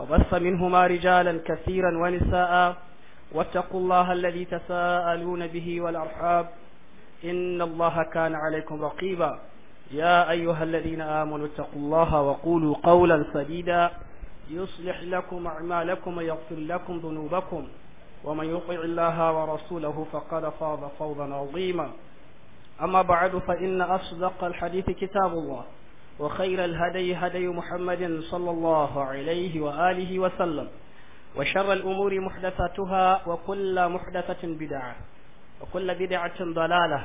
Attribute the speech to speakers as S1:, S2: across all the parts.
S1: وبث منهما رجالا كثيرا ونساء واتقوا الله الذي تساءلون به والأرحاب إن الله كان عليكم رقيبا يا أيها الذين آمنوا اتقوا الله وقولوا قولا سديدا يصلح لكم أعمالكم ويغفر لكم ذنوبكم ومن يطع الله ورسوله فقد فاض فوضا عظيما أما بعد فإن أصدق الحديث كتاب الله وخير الهدي هدي محمد صلى الله عليه وآله وسلم وشر الأمور محدثاتها وكل محدثة بدعة وكل بدعة ضلالة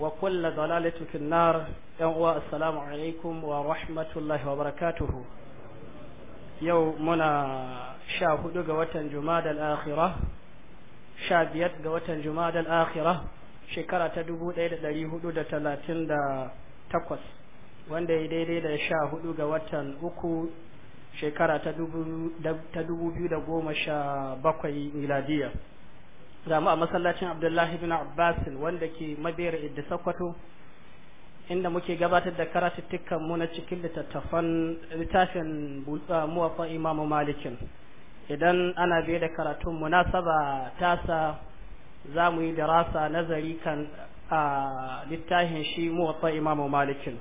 S1: وكل ضلالة في النار السلام عليكم ورحمة الله وبركاته يوم منا شاهد قوة جماد الآخرة شابيت قوة جماد الآخرة شكرة دبو ليلة لليهود تلاتين دا تقوس wanda ya daidai da sha hudu ga watan uku shekara ta dubu biyu da goma sha bakwai miladiya ga mu a masallacin abdullahi bin abbasin wanda ke mabera idda sakwato inda muke gabatar da karatuttukan mu na cikin littattafan littafin uh, muwafa imamu malikin idan ana biye da karatun munasaba tasa za mu yi darasa nazari kan a uh, littafin shi muwafa imamu malikin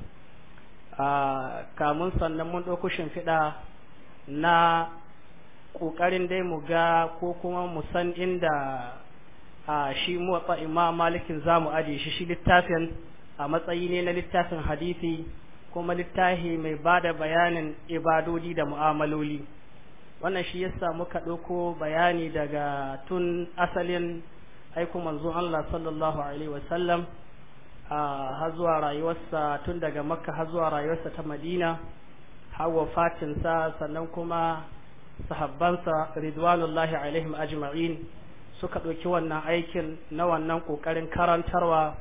S1: kamun sannan mun ɗauko shimfiɗa na ƙoƙarin dai mu ga ko kuma mu san inda a shi muwatsa imam malikin za mu aje shi shi littafin a matsayi ne na littafin hadisi kuma littafi mai ba da bayanin ibadodi da mu'amaloli wannan shi yasa muka ɗauko bayani daga tun asalin aiku manzo Allah sallallahu alaihi wasallam har zuwa rayuwarsa tun daga makka ha zuwa rayuwarsa ta madina har wafatinsa sannan kuma sahabbansa ridwanullahi alaihim ajma'in suka ɗauki wannan aikin na wannan ƙoƙarin karantarwa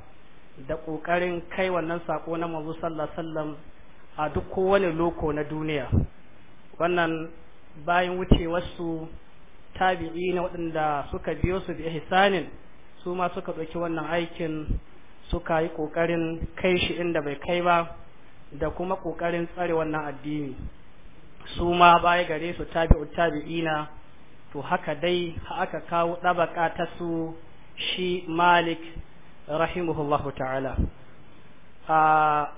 S1: da ƙoƙarin kai wannan saƙo na manzo sallam a duk kowane loko na duniya wannan bayan wucewarsu tabi'i na waɗanda suka biyo su bi ihsanin su ma suka ɗauki wannan aikin suka yi ƙoƙarin kai shi inda bai kai ba da kuma ƙoƙarin tsare wannan addini su ma baya gare su tabi'u tabi'ina to haka dai aka kawo ɗabaka ta su shi malik rahimahullahu ta'ala a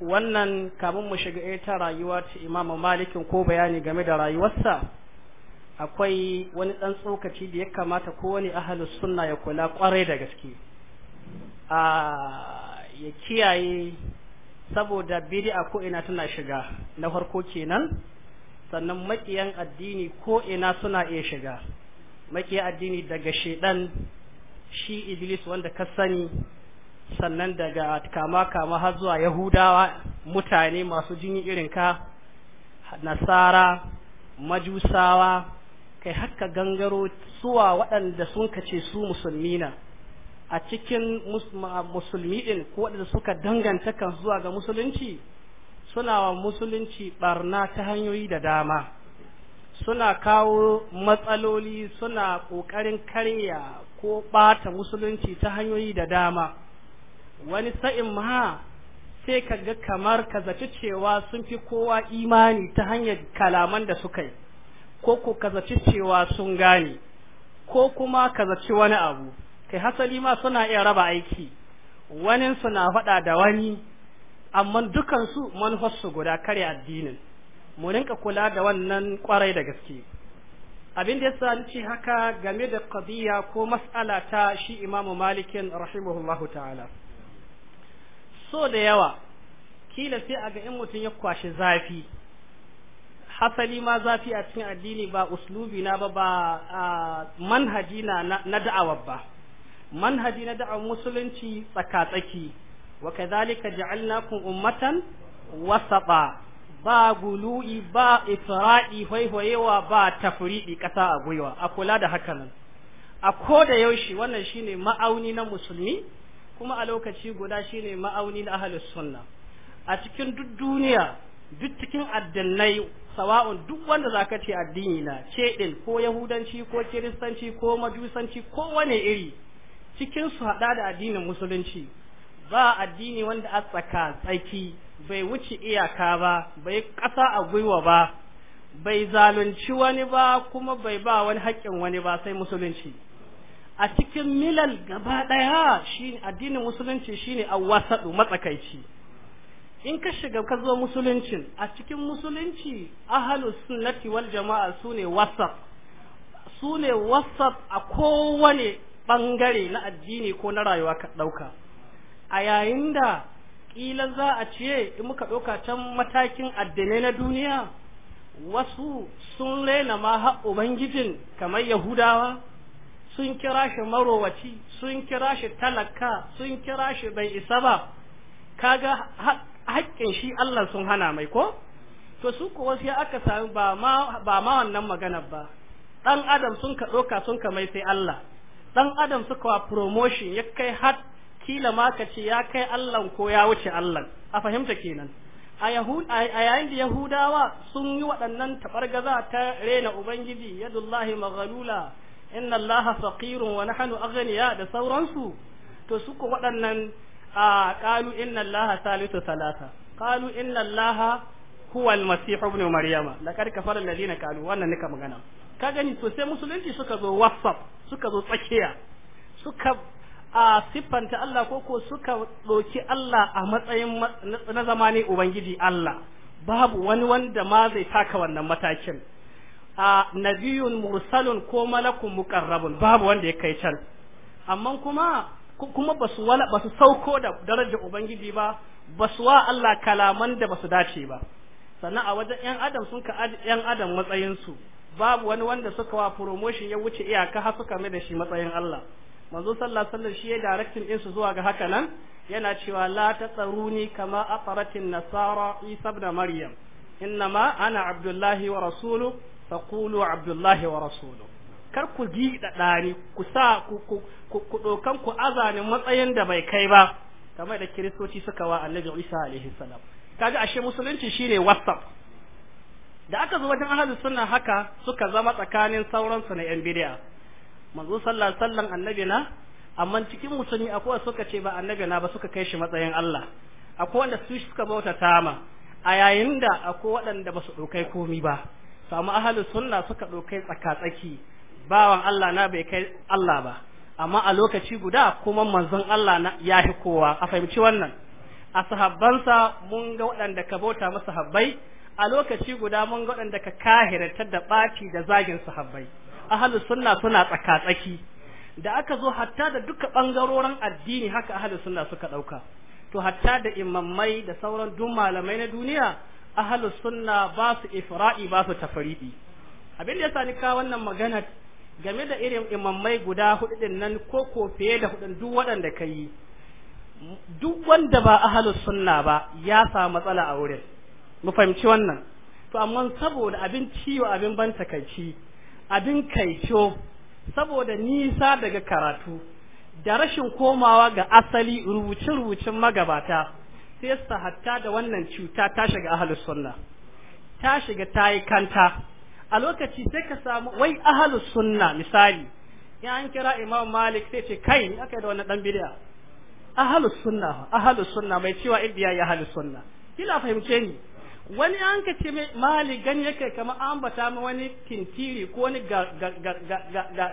S1: wannan kamun mu shiga ita rayuwa ta imamu malikin ko bayani game da rayuwarsa akwai wani ɗan tsokaci da ya kamata kowane ahalus sunna ya kula kwarai da gaske A ya kiyaye saboda bid'a ko ina tana shiga na farko kenan sannan makiyan addini koina suna iya shiga makiyan addini daga shaidan shi iblis wanda ka sani sannan daga kama kama har zuwa yahudawa mutane masu jini irin ka nasara majusawa kai haka gangaro suwa waɗanda sun kace su musulmina. na a cikin musulmi ɗin ko waɗanda suka danganta kan zuwa ga musulunci suna wa musulunci ɓarna ta hanyoyi da dama suna kawo matsaloli suna ƙoƙarin karya ko ɓata musulunci ta hanyoyi da dama wani sa'in ma sai ka ga kamar ka zaci cewa sun fi kowa imani ta hanyar kalaman da suka yi ko ko ka zaci cewa sun gane ko kuma ka zaci wani abu kai hasali ma suna iya raba aiki wanin suna faɗa da wani amma dukansu manufarsu guda kare addinin mu rinka kula da wannan kwarai da gaske abin da yasa ni ce haka game da qadiya ko mas'ala ta shi imamu Malikin rahimahullahu ta'ala so da yawa kila sai a ga in mutum ya kwashi zafi hasali ma zafi a cikin addini ba uslubi na ba ba manhaji na na da'awar ba manhaji na da'a musulunci tsakatsaki wa kadhalika ja'alnakum ummatan wasata ba gulu'i ba ifra'i hoihoyewa ba tafri'i kasa a gwiwa a kula da hakanan a ko da yaushe wannan shine ma'auni na musulmi kuma a lokaci guda shine ma'auni na ahlus sunna a cikin duk duniya duk cikin addinai sawa'un duk wanda zaka ce addini na ce din ko yahudanci ko kiristanci ko majusanci ko wane iri cikin su hada da addinin musulunci ba addini wanda a tsaka tsaki bai wuce iyaka ba bai kasa a gwiwa ba bai zalunci wani ba kuma bai ba wani haƙƙin wani ba sai musulunci a cikin milal gaba ɗaya shine addinin musulunci shine wasaɗu matsakaici in ka shiga ka zo musuluncin a cikin musulunci ahalus sunnati wal jama'a sune wasaf sune wasaf a kowane ɓangare na addini ko na rayuwa ka ɗauka a yayin da ƙila za a ce in muka ɗauka can matakin addinai na duniya wasu sun raina ma ubangijin kamar yahudawa sun kira shi marowaci sun kira shi talaka sun kira shi bai isa ba kaga haƙƙin shi Allah sun hana mai ko to su kuwa sai aka sami ba ma wannan maganar ba ɗan adam sun ka ɗauka sun ka mai sai Allah dan adam suka wa promotion ya kai har kila ma ka ce ya kai Allah ko ya wuce Allah a fahimta kenan a yayin da yahudawa sun yi waɗannan tabargaza ta rena ubangiji yadullahi maghalula inna allaha faqirun wa nahnu aghniya da sauransu to suka waɗannan a qalu inna allaha salisu salasa qalu inna allaha huwa almasihu ibn maryama laqad kafara alladhina qalu wannan nika magana ka gani to sai musulunci suka zo whatsapp suka zo tsakiya suka a siffanta Allah ko ko suka ɗauki Allah a matsayin na zama ne ubangiji Allah babu wani wanda ma zai taka wannan matakin a nabiyun mursalun ko malakun muqarrabun babu wanda ya kai can amma kuma kuma basu wala basu sauko da daraja ubangiji ba basu wa Allah kalaman da basu dace ba sannan a wajen yan adam sun ka yan adam matsayin su babu wani wanda suka wa promotion ya wuce iyaka har suka mai da shi matsayin Allah manzo sallallahu alaihi wasallam shi ya directing din su zuwa ga haka nan yana cewa la tatsaruni kama ataratin nasara isa ibn maryam innama ana abdullahi wa rasulu faqulu abdullahi wa rasulu kar ku ji dadani ku sa ku ku ku dokan ku azanin matsayin da bai kai ba kamar da kiristoci suka wa annabi isa alaihi salam kaga ashe musulunci shine whatsapp da aka zo wajen ahlus sunna haka suka zama tsakanin sauransu na yan bid'a manzo sallallahu alaihi wasallam annabi na amma cikin musulmi akwai suka ce ba annabi na ba suka kai shi matsayin Allah akwai wanda su suka bauta tama a yayin da akwai waɗanda ba su ɗaukai komi ba to amma ahlus sunna suka ɗaukai tsakatsaki bawan Allah na bai kai Allah ba amma a lokaci guda kuma manzon Allah na ya fi kowa a fahimci wannan a sahabbansa mun ga waɗanda ka bauta masa habbai a lokaci guda mun ga waɗanda ka kahirtar da ɓaci da zagin sahabbai ahalu sunna suna tsaka tsaki da aka zo hatta da duka ɓangarorin addini haka ahalu sunna suka ɗauka to hatta da imammai da sauran duk malamai na duniya ahalu sunna ba su ifra'i ba su tafri'i abin da yasa ni ka wannan magana game da irin imammai guda hudu din nan ko ko fiye da hudun duk waɗanda ka yi duk wanda ba ahalus sunna ba ya sa matsala a wurin mu fahimci wannan to amma saboda abin ciwo abin ban takaici abin kaico saboda nisa daga karatu da rashin komawa ga asali rubuce rubucin magabata sai su hatta da wannan cuta ta shiga ahlus sunna ta shiga tayi kanta a lokaci sai ka samu wai ahlus sunna misali ya an kira imam malik sai ce kai aka yi da wani dan bid'a ahlus sunna ahlus sunna mai cewa indiya ya ahlus sunna kila fahimce ni wani an ka ce mai mali gani yake kamar an bata ma wani kintiri ko wani ga ga ga ga ga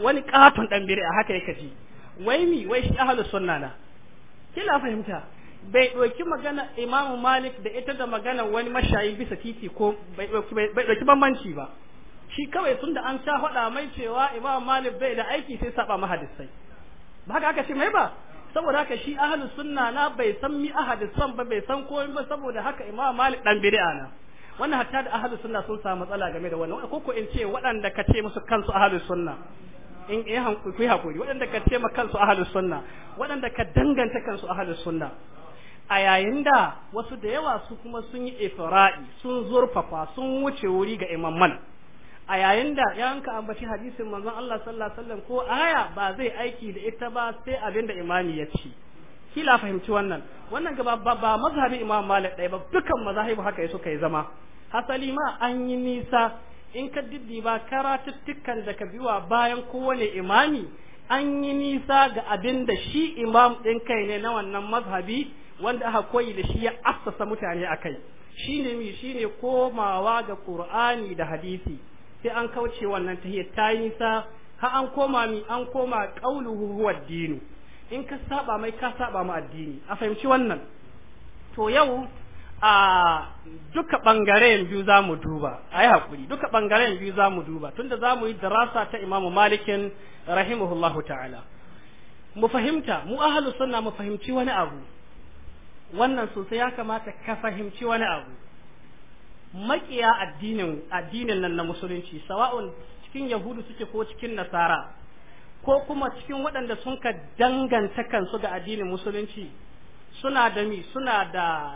S1: wani katon dan bire a haka yake ji wai mi wai shi ahlus sunna na kila fahimta bai ɗauki magana imamu malik da ita da magana wani mashayi bisa titi ko bai ɗauki bambanci ba shi kawai sun da an sha faɗa mai cewa imamu malik bai da aiki sai saba mahadisai ba haka aka ce mai ba saboda haka shi ahlus sunna na bai san mi ahadisan ba bai san komai ba saboda haka imam malik dan bid'a na wannan hatta da ahlus sunna sun samu matsala game da wannan ko ko in ce waɗanda ka ce musu kansu sunna in eh ku hakuri waɗanda ka ce ma kansu ahlus sunna waɗanda ka danganta kansu ahlus sunna a yayin da wasu da yawa su kuma sun yi ifra'i sun zurfafa sun wuce wuri ga imamman a yayin da ya yanka ambaci hadisin manzon Allah sallallahu alaihi wasallam ko aya ba zai aiki da ita ba sai abinda da imami ya ci kila fahimci wannan wannan gaba ba, mazhabi imam malik ɗaya ba dukan mazahibu haka ya suka zama hasali ma an yi nisa in ka diddi ba karatuttukan da ka biwa bayan kowane imani an yi nisa ga abin da shi imam din kai ne na wannan mazhabi wanda aka koyi da shi ya assasa mutane akai kai shine mi shi komawa ga ƙur'ani da hadisi sai an kauce wannan tahiyya ta yi nisa ha an koma mi an koma qauluhu huwa dinu in ka saba mai ka saba mu addini a fahimci wannan to yau a duka bangaren biyu za mu duba a yi hakuri duka bangaren biyu za mu duba tunda za mu yi darasa ta imamu malikin rahimahullahu ta'ala mu fahimta mu ahalu sunna mu fahimci wani abu wannan sosai ya kamata ka fahimci wani abu Maƙiya addinin addinin nan na musulunci sawa'un cikin yahudu suke ko cikin nasara ko kuma cikin waɗanda sun ka danganta kansu ga addinin musulunci suna da mi suna da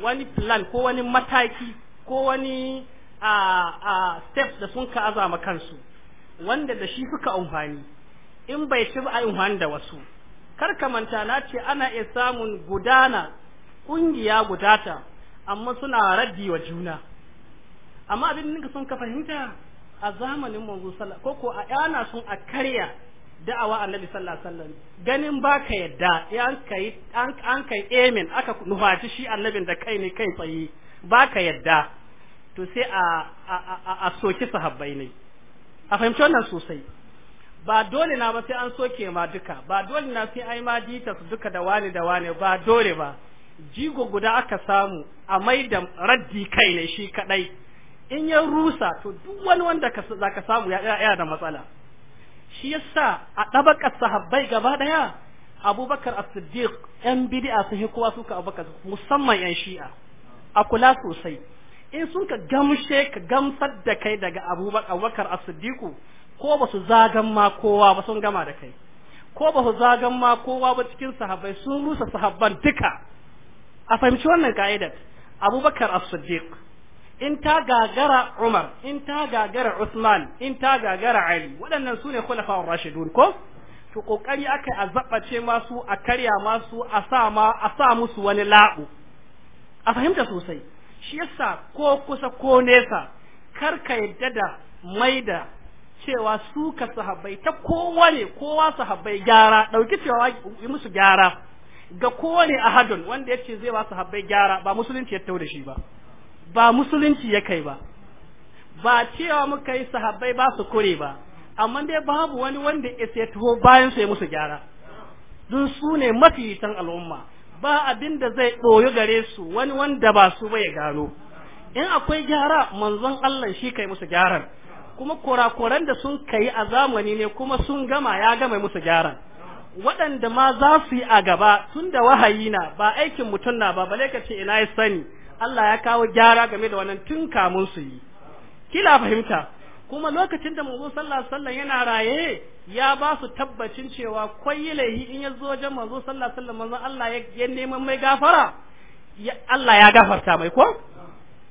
S1: wani plan ko wani mataki ko wani a steps da sun ka azama kansu wanda da shi suka amfani in bai ci ba a amfani da wasu kar ka manta na ce ana iya samun gudana ƙungiya gudata amma suna raddi wa juna amma abin ninka sun ka fahimta a zamanin manzo sallah ko ko a yana sun a karya da'awa annabi sallallahu alaihi wasallam ganin baka yadda an kai an kai amen aka nufaci shi annabin da kai ne kai tsaye baka yadda to sai a a soki sahabbai ne a fahimci wannan sosai ba dole na ba sai an soke ma duka ba dole na sai ai ma ditas duka da wani da wani ba dole ba jigo guda aka samu a mai da raddi kai ne shi kadai in ya rusa to duk wani wanda za ka samu ya da matsala shi yasa a ɗabakar sahabbai gaba ɗaya abubakar as-siddiq yan bid'a su kowa suka abubakar musamman yan shi'a a kula sosai in sun ka gamshe ka gamsar da kai daga abubakar as-siddiq ko ba su zagan ma kowa ba sun gama da kai ko ba su zagan ma kowa ba cikin sahabbai sun rusa sahabban duka a fahimci wannan ka'idar abubakar as-siddiq in ta gagara umar in ta gagara usman in ta gagara ali waɗannan su ne kulafa rashidun ko to kokari aka a zabace masu a karya masu a sa musu wani labu a fahimta sosai shi yasa ko kusa ko nesa kar ka yadda da maida cewa su ka sahabbai ta kowa ne kowa sahabbai gyara dauki cewa yi musu gyara ga kowane ahadun wanda ya ce zai ba su habbai gyara ba musulunci ya tauda shi ba ba musulunci ya kai ba ba cewa muka yi su sahabbai ba su kure ba amma dai babu wani wanda ya ya taho bayan sai ya musu gyara dun su ne mafitan al'umma ba abin da zai ɗoyi gare su wani wanda ba su ba ya gano in akwai gyara manzon Allah shi kai musu gyaran kuma kurakuran da sun kai a zamani ne kuma sun gama ya gama musu gyaran waɗanda ma za su yi a gaba tun da wahayi na ba aikin mutum na ba bale ka ce ina ya sani Allah ya kawo gyara game da wannan tun kamun su yi kila fahimta kuma lokacin da manzo sallah sallah yana raye ya ba su tabbacin cewa kwai in ya zo wajen manzo sallah sallah manzo Allah ya neman mai gafara Allah ya gafarta mai ko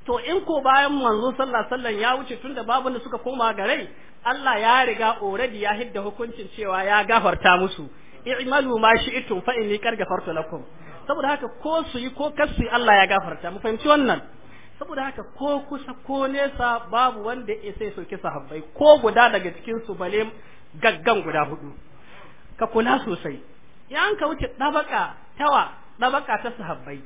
S1: to in ko bayan manzo sallah sallah ya wuce tunda babu da suka koma gare Allah ya riga already ya hidda hukuncin cewa ya gafarta musu i'malu ma shi'tum fa inni qad ghafartu lakum saboda haka ko su yi ko yi Allah ya gafarta mu fahimci wannan saboda haka ko kusa ko nesa babu wanda ya sai soke sahabbai ko guda daga cikin su bale gaggan guda hudu ka kula sosai yan ka wuce dabaka tawa dabaka ta sahabbai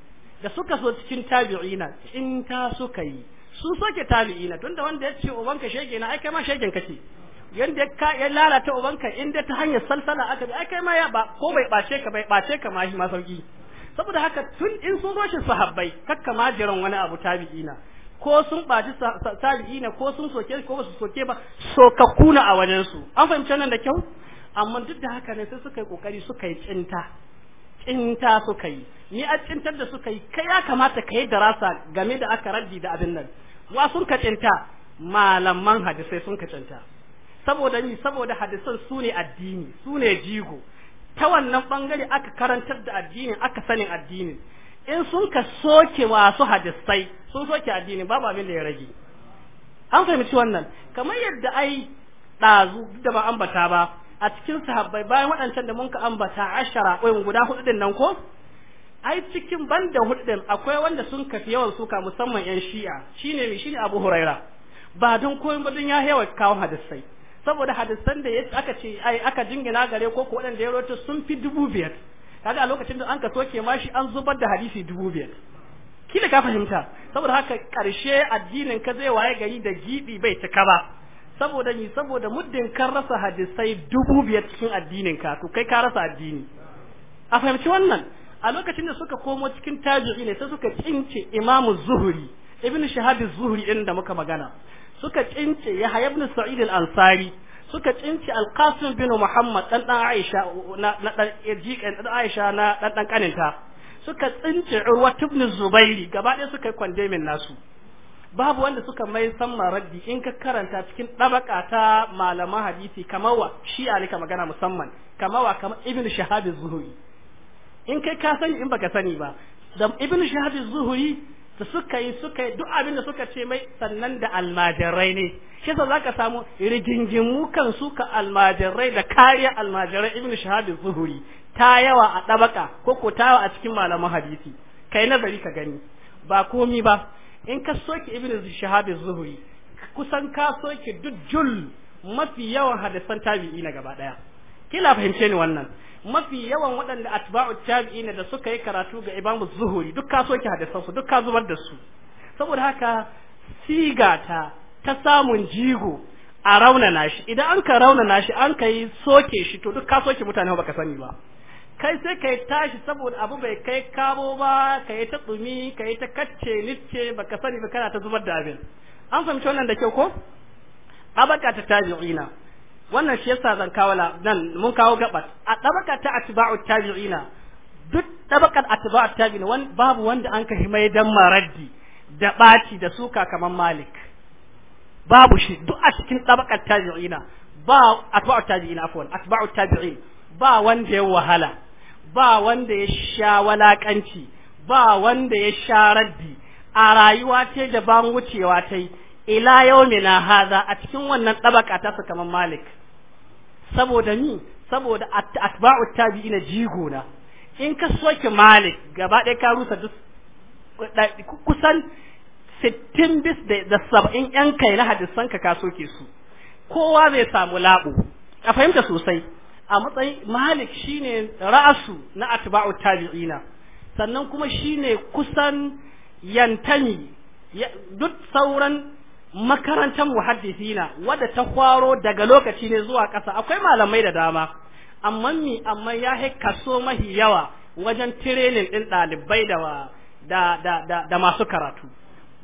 S1: da suka so cikin tabi'ina in ta suka yi su soke tabi'ina tunda wanda ya ce ubanka shege na ai kai ma shegen kake yanda ka ya lalata ubanka in ta hanyar salsala aka bi akai ma ya ba ko bai bace ka bai bace ka ma shi ma sauki saboda haka tun in sun zo shi sahabbai kakka ma jiran wani abu tabi'ina ko sun baci tabi'ina ko sun soke ko ba su soke ba kuna a wajen su an fahimci nan da kyau amma duk da haka ne sai suka yi kokari suka yi tsinta tsinta suka yi ni a tsintar da suka yi kai ya kamata ka yi darasa game da aka raddi da abin nan wa sun ka tsinta malaman hadisai sun ka tsinta saboda ni saboda hadisan sune addini sune jigo ta wannan bangare aka karantar da addini aka sanin addini in sun ka soke wasu hadisai sun soke addini babu abin da ya rage an fahimci wannan kamar yadda ai ɗazu da ba ambata ba a cikin sahabbai bayan waɗancan da mun ka ambata ashara ƙoyin guda hudu din nan ko ai cikin banda hudu din akwai wanda sun kafi yawan suka musamman yan shi'a shine mi shine abu huraira ba don koyon ba don ya hewa kawo hadisai saboda hadisan da aka ce ai aka jingina gare ko ko waɗanda ya rawaito sun fi dubu biyar kaga a lokacin da an ka soke mashi an zubar da hadisi dubu biyar kila ka fahimta saboda haka karshe addinin ka zai waye gari da gibi bai cika ba saboda ni saboda muddin kan rasa hadisai dubu biyar cikin addinin ka to kai ka rasa addini a fahimci wannan a lokacin da suka komo cikin tajiri ne sai suka cince imamu zuhuri ibn shahadu zuhuri din da muka magana suka cince Yahya ibn Sa'id al-Ansari suka cince Al-Qasim bin Muhammad dan dan Aisha na dan jikan dan Aisha na dan dan kaninta suka tsince Urwa ibn Zubairi gaba ɗaya suka yi min nasu babu wanda suka mai san maraddi in ka karanta cikin dabaka ta malaman hadisi kamar wa shi magana musamman kamar wa kamar ibn shahab zuhuri in kai ka sani in baka sani ba da ibn shahab zuhuri da suka yi suka yi duk abin da suka ce mai sannan da almajirai ne shi za ka samu rigingimu kan suka almajirai da kariya almajirai ibn shahabi zuhuri ta yawa a ɗabaka ko ko ta yawa a cikin malaman hadisi kai nazari ka gani ba komi ba in ka soke ibn shahabi zuhuri kusan ka soke duk jul mafi yawan hadisan tabi'i na gaba ɗaya kila fahimce ni wannan mafi yawan waɗanda atba'u tabi'ina da suka yi karatu ga Imam Zuhuri duk ka soke hadisan su duk ka zubar da su saboda haka sigata ta samun jigo a raunana shi idan an ka raunana shi an ka yi soke shi to duk ka soke mutane ba ka sani ba kai sai ka tashi saboda abu bai kai kabo ba ka yi ta tsumi ka yi ta kacce nice ka sani ba kana ta zubar da abin an fahimci wannan da kyau ko abaka ta tabi'ina wannan shi yasa zan kawo nan mun kawo gabas a tabaka ta atba'u tabi'ina duk tabakar atba'u tabi'ina babu wanda an kashi mai dan maraddi da baci da suka kaman malik babu shi duk a cikin tabakar tabi'ina ba atba'u tabi'ina afwan atba'u tabi'in ba wanda ya wahala ba wanda ya sha walakanci ba wanda ya sha raddi a rayuwa ce da ban wucewa ta yi ila yau na haza a cikin wannan tabaka ta su kamar malik saboda ni saboda atba'u tabi'ina jigo na in ka soke malik gaba ɗaya ka rusa duk kusan sittin bis da saba'in yan kai na hadisan ka ka soke su kowa zai samu labo a fahimta sosai a matsayin malik shine ra'asu na atba'u tabi'ina sannan kuma shine kusan yantani duk sauran makarantar muhaddisina wadda ta kwaro daga lokaci ne zuwa ƙasa akwai malamai da dama amma mi amma ya yi kaso mahi yawa wajen tirenin ɗin ɗalibai da da da da, da masu karatu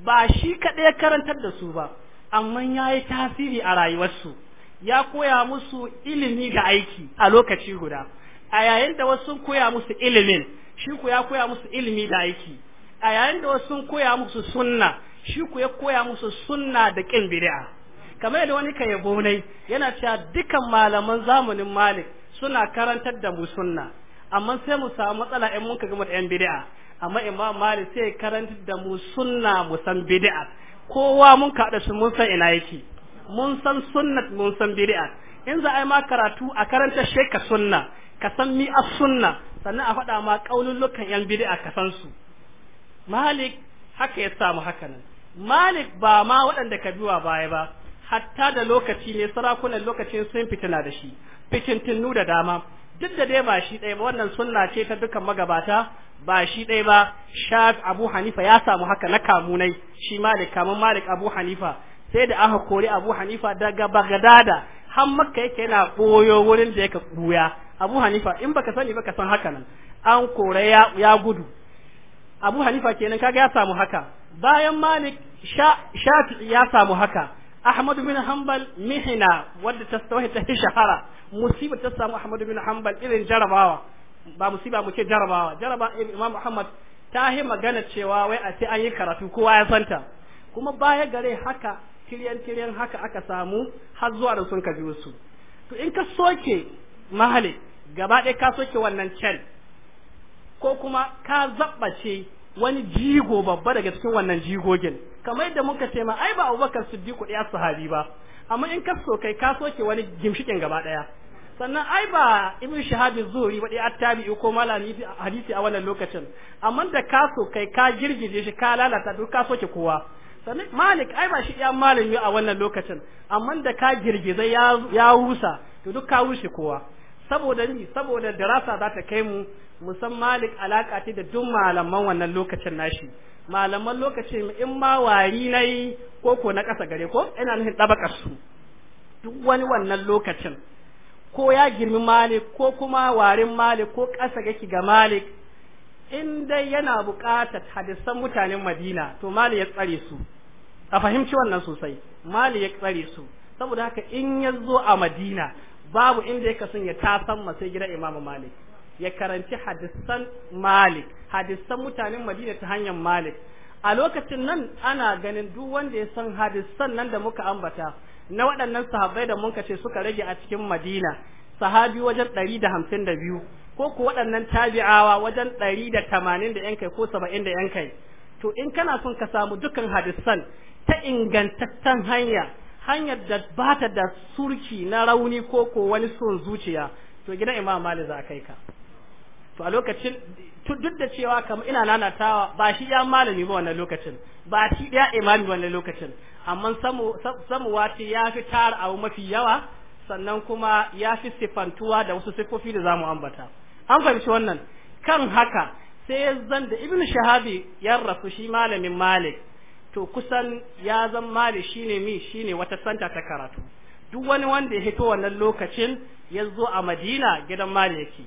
S1: ba shi kaɗai karantar da su ba amma ya yi tasiri a rayuwarsu ya koya musu ilimi ga aiki a lokaci guda a yayin da wasu koya musu ilimin shi ku ya koya musu ilimi da aiki a yayin da wasu koya musu sunna shi ku ya koya musu sunna da kin bid'a kamar da wani ka yabo ne yana cewa dukan malaman zamanin malik suna karantar da mu sunna amma sai mu samu matsala in mun ka gama da yan bid'a amma imam malik sai karantar da mu sunna mu san bid'a kowa mun ka da mun san ina yake mun san sunnat mun san bid'a in za a yi ma karatu a karanta sheka sunna ka san mi as sunna sannan a faɗa ma kaulullukan yan bid'a ka san su malik haka ya samu haka nan malik ba ma waɗanda ka biwa baya ba hatta da lokaci ne sarakunan lokacin sun fitina da shi fitintinnu da dama duk da dai ba shi ɗaya ba wannan sunna ce ta dukkan magabata ba shi ɗaya ba shaf abu hanifa ya samu haka na kamunai shi malik kamun malik abu hanifa sai da aka kori abu hanifa daga bagdada har makka yake yana ɓoyo wurin da ka ɓuya abu hanifa in baka sani ka san haka nan an kore ya gudu abu hanifa kenan kaga ya samu haka bayan malik shafi'i ya samu haka ahmad bin hanbal mihina wadda ta tawahi ta shahara musiba ta samu ahmad bin hanbal irin jarabawa ba musiba mu ce jarabawa jaraba imam muhammad ta yi magana cewa wai a ce an yi karatu kowa ya santa kuma baya gare haka kiryan kiryan haka aka samu har zuwa da sun kaji wasu to in ka soke mahali gaba ɗaya ka soke wannan can ko kuma ka zabbace wani jigo babba daga cikin wannan jigogin kamar yadda muka ce ma ai ba Abubakar Siddiq ya sahabi ba amma in ka so kai ka soke wani gimshikin gaba daya sannan ai ba Ibn Shihab Zuhri ba dai attabi ko malami hadisi a wannan lokacin amma da ka so kai ka girgije shi ka lalata duk ka soke kowa sannan Malik ai ba shi ya malami a wannan lokacin amma da ka girgize ya ya rusa to duk ka rushe kowa saboda ni saboda darasa za ta kai mu musan malik alaka ce da duk malaman wannan lokacin nashi malaman lokacin in ma wari nayi ko ko na ƙasa gare ko ina nufin ɗabakar su duk wani wannan lokacin ko ya girmi malik ko kuma warin malik ko ƙasa gaki ga malik in dai yana buƙatar hadisan mutanen madina to mali ya tsare su a fahimci wannan sosai mali ya tsare su saboda haka in ya zo a madina babu inda ya kasan ya tasan sai gida imamu malik ya karanci hadisan malik hadisan mutanen madina ta hanyar malik a lokacin nan ana ganin duk wanda ya san hadisan nan da muka ambata na waɗannan sahabbai da muka ce suka rage a cikin madina sahabi wajen ɗari da hamsin da biyu ko ku waɗannan tabi'awa wajen ɗari da tamanin da yan ko saba'in da yan to in kana son ka samu dukkan hadisan ta ingantaccen hanya hanyar da ba ta da surki na rauni ko ko wani son zuciya to gidan imam malik za kai ka to a lokacin duk da cewa kamar ina nanatawa ba shi ya malami ba wannan lokacin ba shi ya imami wannan lokacin amma samu wace ya fi tara abu mafi yawa sannan kuma ya fi sifantuwa da wasu sifofi da zamu ambata an fahimci wannan kan haka sai zan da ibnu shahabi ya rasu shi malamin malik to kusan ya zan malik shine mi shine wata santa ta karatu duk wani wanda ya hito wannan lokacin ya zo a madina gidan malik yake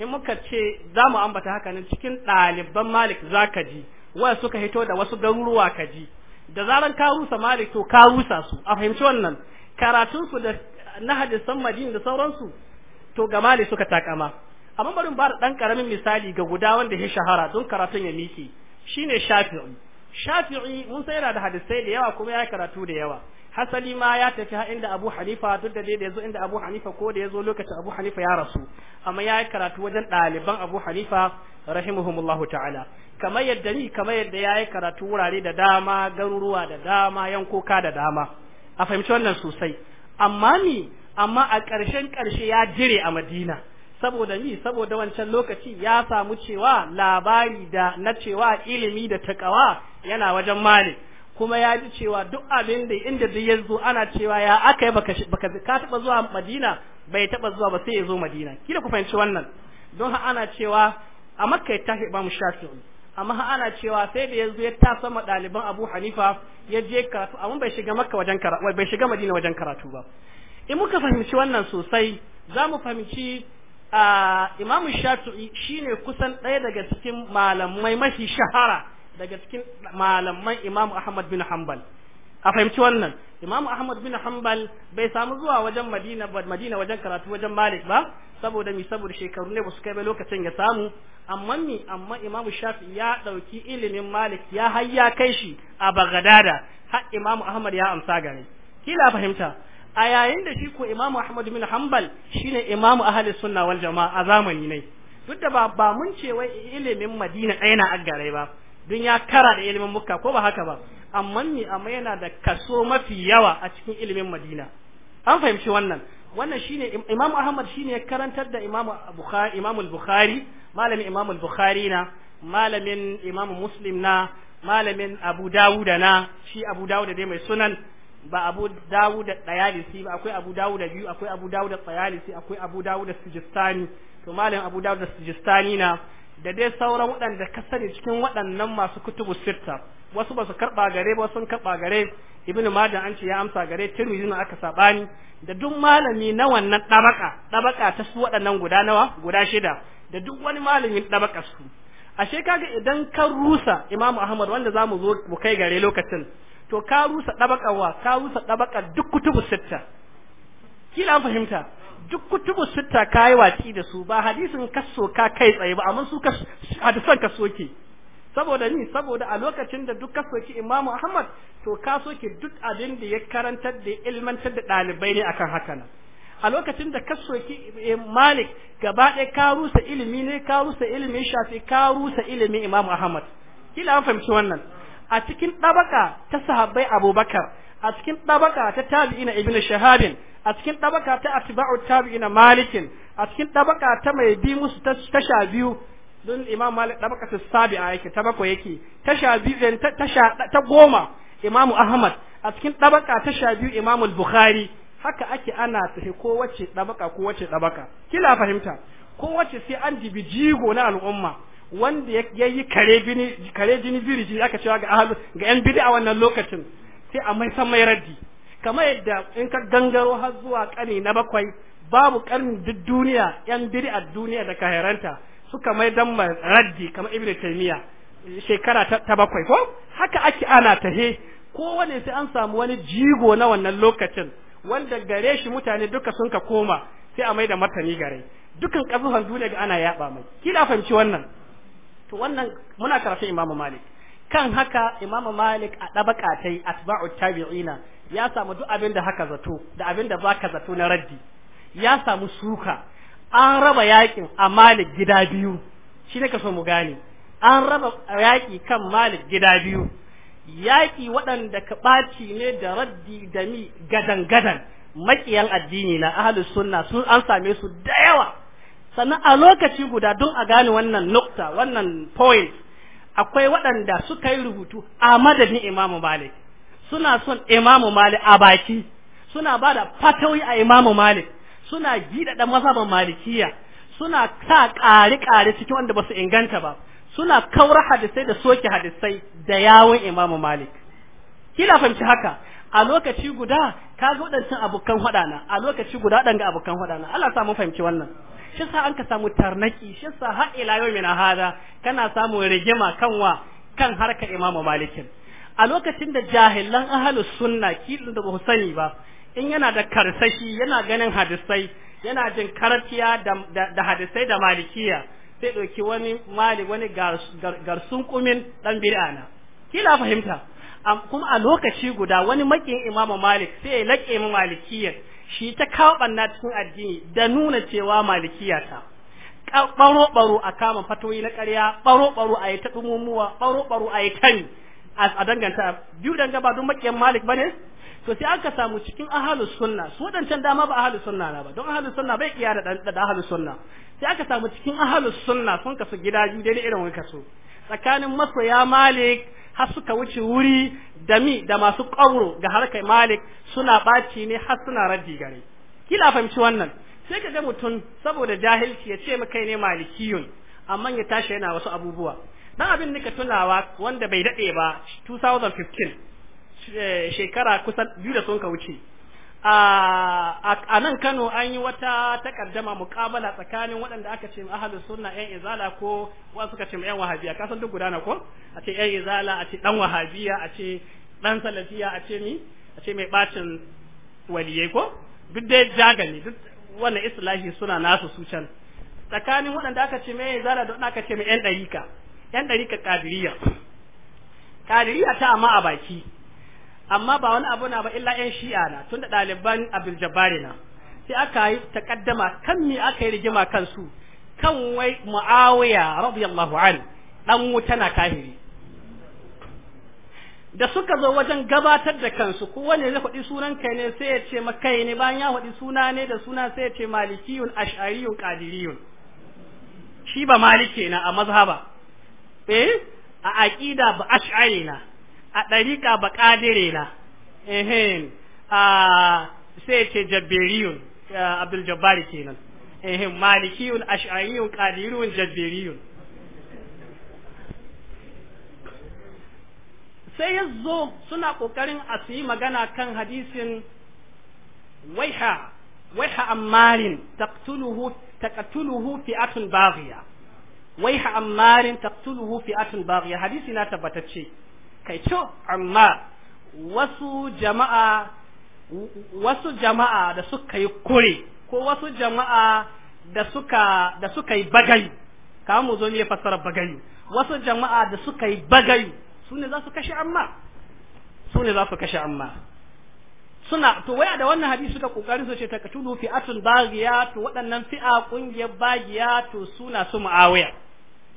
S1: in muka ce za mu ambata haka nan cikin ɗaliban malik za ka ji waya suka hito da wasu garuruwa ka ji da zaran ka rusa malik to ka rusa su a fahimci wannan karatunsu da na hadisan madina da sauransu to ga malik suka takama amma bari ba da ɗan ƙaramin misali ga guda wanda ya shahara don karatun ya miki shine shafi'i shafi'i mun sai yana da hadisai da yawa kuma ya karatu da yawa hasali ma ya tafi har inda Abu Hanifa duk da dai da yazo inda Abu Hanifa ko da yazo lokacin Abu Hanifa ya rasu amma ya karatu wajen ɗaliban Abu Hanifa rahimahumullahu ta'ala kamar yadda ni kamar yadda ya yi karatu wurare da dama garuruwa da dama yankoka da dama a fahimci wannan sosai amma ni amma a ƙarshen ƙarshe ya jire a Madina saboda ni saboda wancan lokaci ya samu cewa labari da na cewa ilimi da takawa yana wajen mali kuma ya ji cewa duk abin da inda duk ya zo ana cewa ya aka yi baka ka taba zuwa Madina bai taba zuwa ba sai ya zo Madina kila ku fahimci wannan don ha ana cewa a Makka ya tafi ba mu shafi amma ha ana cewa sai da yanzu ya tasa ma daliban Abu Hanifa ya je karatu amma bai shiga Makka wajen karatu bai shiga Madina wajen karatu ba in muka fahimci wannan sosai za mu fahimci imamu Shafi'i shine kusan ɗaya daga cikin malamai mafi shahara daga cikin malamai imamu Ahmad bin Hanbal a fahimci wannan imamu Ahmad bin Hanbal bai samu zuwa wajen Madina Madina wajen karatu wajen Malik ba saboda mi saboda shekaru ne basu kai ba lokacin ya samu amma mi amma Imam Shafi'i ya ɗauki ilimin Malik ya hayya kai shi a bagadada har imamu Ahmad ya amsa gare kila fahimta a yayin da shi ko Imam Ahmad bin Hanbal shine Imam Ahli Sunna wal Jama'a a zamani ne duk da ba ba mun ce wai ilimin Madina ɗaya na aggarai ba dun ya kara da ilimin mukka ko ba haka ba amma ni amma yana da kaso mafi yawa a cikin ilimin Madina an fahimci wannan wannan shine Imam Ahmad shine ya karantar da imamu Bukhari bukhari malamin imamul al-Bukhari na malamin Imam Muslim na malamin Abu Dawud na shi Abu Dawud dai mai sunan ba abu dawud tsayalisi ba akwai abu dawud biyu akwai abu dawud tsayalisi akwai abu dawud sijistani to malam abu dawud sijistani na da dai sauran waɗanda ka sani cikin waɗannan masu kutubu sirta wasu ba su karɓa gare ba sun karɓa gare ibnu madan an ce ya amsa gare tirmidhi ma aka sabani da duk malami na wannan dabaka dabaka ta su waɗannan guda nawa guda shida da duk wani malamin dabaka su ashe kaga idan ka rusa imamu ahmad wanda zamu zo mu kai gare lokacin to ka rusa dabakar wa ka rusa dabakar duk kutubu sitta kila an fahimta duk kutubu sitta ka yi watsi da su ba hadisin kaso ka kai tsaye ba amma su hadisan kaso ke saboda ni saboda a lokacin da duk kaso ki imamu ahmad to ka soke duk abin da ya karantar da ilmantar da ɗalibai ne akan haka nan a lokacin da ka soki eh, malik gaba ɗaya ka rusa ilimi ne ka rusa ilimin shafi ka rusa ilimin imam ahmad kila an fahimci wannan a cikin dabaka ta sahabbai abubakar a cikin dabaka ta tabi'ina Ibn shahabin a cikin dabaka ta atba'u tabi'ina malikin a cikin dabaka ta mai bi musu ta sha biyu don imam malik dabaka ta sabi'a yake ta bako yake ta sha biyu eh, ta sha ta goma imamu ahmad a cikin dabaka ta sha biyu imamu bukhari haka ake ana tafi ko wacce dabaka ko wacce dabaka kila fahimta ko wacce sai an dibi jigo na al'umma wanda ya yi kare bini kare jini biri jini aka cewa ga ahalu ga yan biri a wannan lokacin sai a mai san mai raddi kamar yadda in ka gangaro har zuwa kani na bakwai babu karni duk duniya yan a duniya da kahiranta suka mai dan raddi kamar ibnu taymiya shekara ta bakwai ko haka ake ana ta tahe kowane sai an samu wani jigo na wannan lokacin wanda gare shi mutane duka sun ka koma sai a mai da martani gare dukan kazuhan duniya ga ana yaba mai kila fahimci wannan to wannan muna karatun imamu malik kan haka imamu malik a ɗabaka ta yi Tabii tabi'ina ya samu duk abin da haka zato da abin da baka zato na raddi ya samu suka an raba yaƙin a malik gida biyu shi ne ka so mu gane an raba yaƙi kan malik gida biyu yaƙi waɗanda ka ɓaci ne da raddi da mi gadan-gadan maƙiyan addini na ahalus sunna sun an same su da yawa sannan a lokaci guda don a gane wannan nukta wannan point akwai waɗanda suka yi rubutu a madadin imamu malik suna son imamu malik a baki suna ba da fatawi a imamu malik suna gidada mazhaban malikiya suna sa ƙare-ƙare cikin wanda ba su inganta ba suna kaura hadisai da soke hadisai da yawon imamu malik kila fahimci haka a lokaci guda ka ga waɗancan abokan na a lokaci guda ɗan ga abokan na Allah samu fahimci wannan shi sa an ka samu tarnaki shi sa har ila yau mina hada kana samu rigima kanwa kan harkar imamu malikin a lokacin da jahilan ahalus sunna kilin da ba sani ba in yana da karsashi yana ganin hadisai yana jin karfiya da hadisai da malikiya sai ɗauki wani mali wani garsun kumin ɗan bir'ana na kila fahimta kuma a lokaci guda wani makin imamu malik sai ya laƙe mu malikiyar shi ta kawo ɓanna cikin addini da nuna cewa malikiya ta ɓaro-ɓaro a kama fatoyi na ƙarya ɓaro-ɓaro a yi ta ɗumumuwa ɓaro-ɓaro a yi tani a danganta biyu dan gaba don makiyan malik ba ne to sai aka samu cikin ahalu sunna su waɗancan dama ba ahalu sunna na ba don ahalu sunna bai iya da da ahalu sunna sai aka samu cikin ahalu sunna sun kasu gida biyu dai irin wani kasu tsakanin masoya malik har suka wuce wuri da mi da masu ƙauro ga harkar malik suna ɓaci ne har suna raddi gare kila fahimci wannan sai ka ga mutum saboda jahilci ya ce kai ne malikiyun amma ya tashi yana wasu abubuwa dan abin nika tunawa wanda bai daɗe ba 2015 eh, shekara kusan biyu da sun ka wuce a nan Kano an yi wata takaddama mukabala tsakanin waɗanda aka ce ahalus sunna yan izala ko wasu suka ce yan wahabiya ka san duk gudana ko a ce yan izala a ce ɗan wahabiya a ce ɗan salafiya a ce ni a ce mai ɓacin waliyai ko duk dai jagali duk wannan islahi suna nasu su can tsakanin waɗanda aka ce mai izala da waɗanda aka ce mai ƴan ɗarika ƴan ɗarika kadiriya kadiriya ta amma a baki amma ba wani abu na ba illa yan shi'a na tunda ɗaliban abin jabari na sai aka yi takaddama kan me aka yi rigima kansu kan wai muawiya radiyallahu an dan wuta na kahiri da suka zo wajen gabatar da kansu ko wani ya faɗi sunan kai ne sai ya ce makai ne bayan ya faɗi suna ne da suna sai ya ce malikiyun ash'ariyun qadiriyun shi ba malike na a mazhaba eh a aqida ba ash'ari na a ɗariƙa ba ƙadire na ehem a sai ce jabberiyun abdul jabbari kenan ehem malikiyun ash'ariyun ƙadiriyun jabberiyun sai ya zo suna ƙoƙarin a su yi magana kan hadisin waiha waiha ammarin taƙatuluhu fi atun bariya waiha ammarin fi atun bariya hadisi na tabbatacce kai co amma wasu jama'a wasu jama'a da suka yi kure ko wasu jama'a da suka da suka yi bagayu kawo mu zo ne fassara bagayu wasu jama'a da suka yi bagayu su ne za su kashe amma su ne za su kashe amma suna to waya da wannan hadisi suka kokari su ce takatulu katulu fi'atun bagiya to waɗannan fi'a kungiyar bagiya to suna su mu'awiya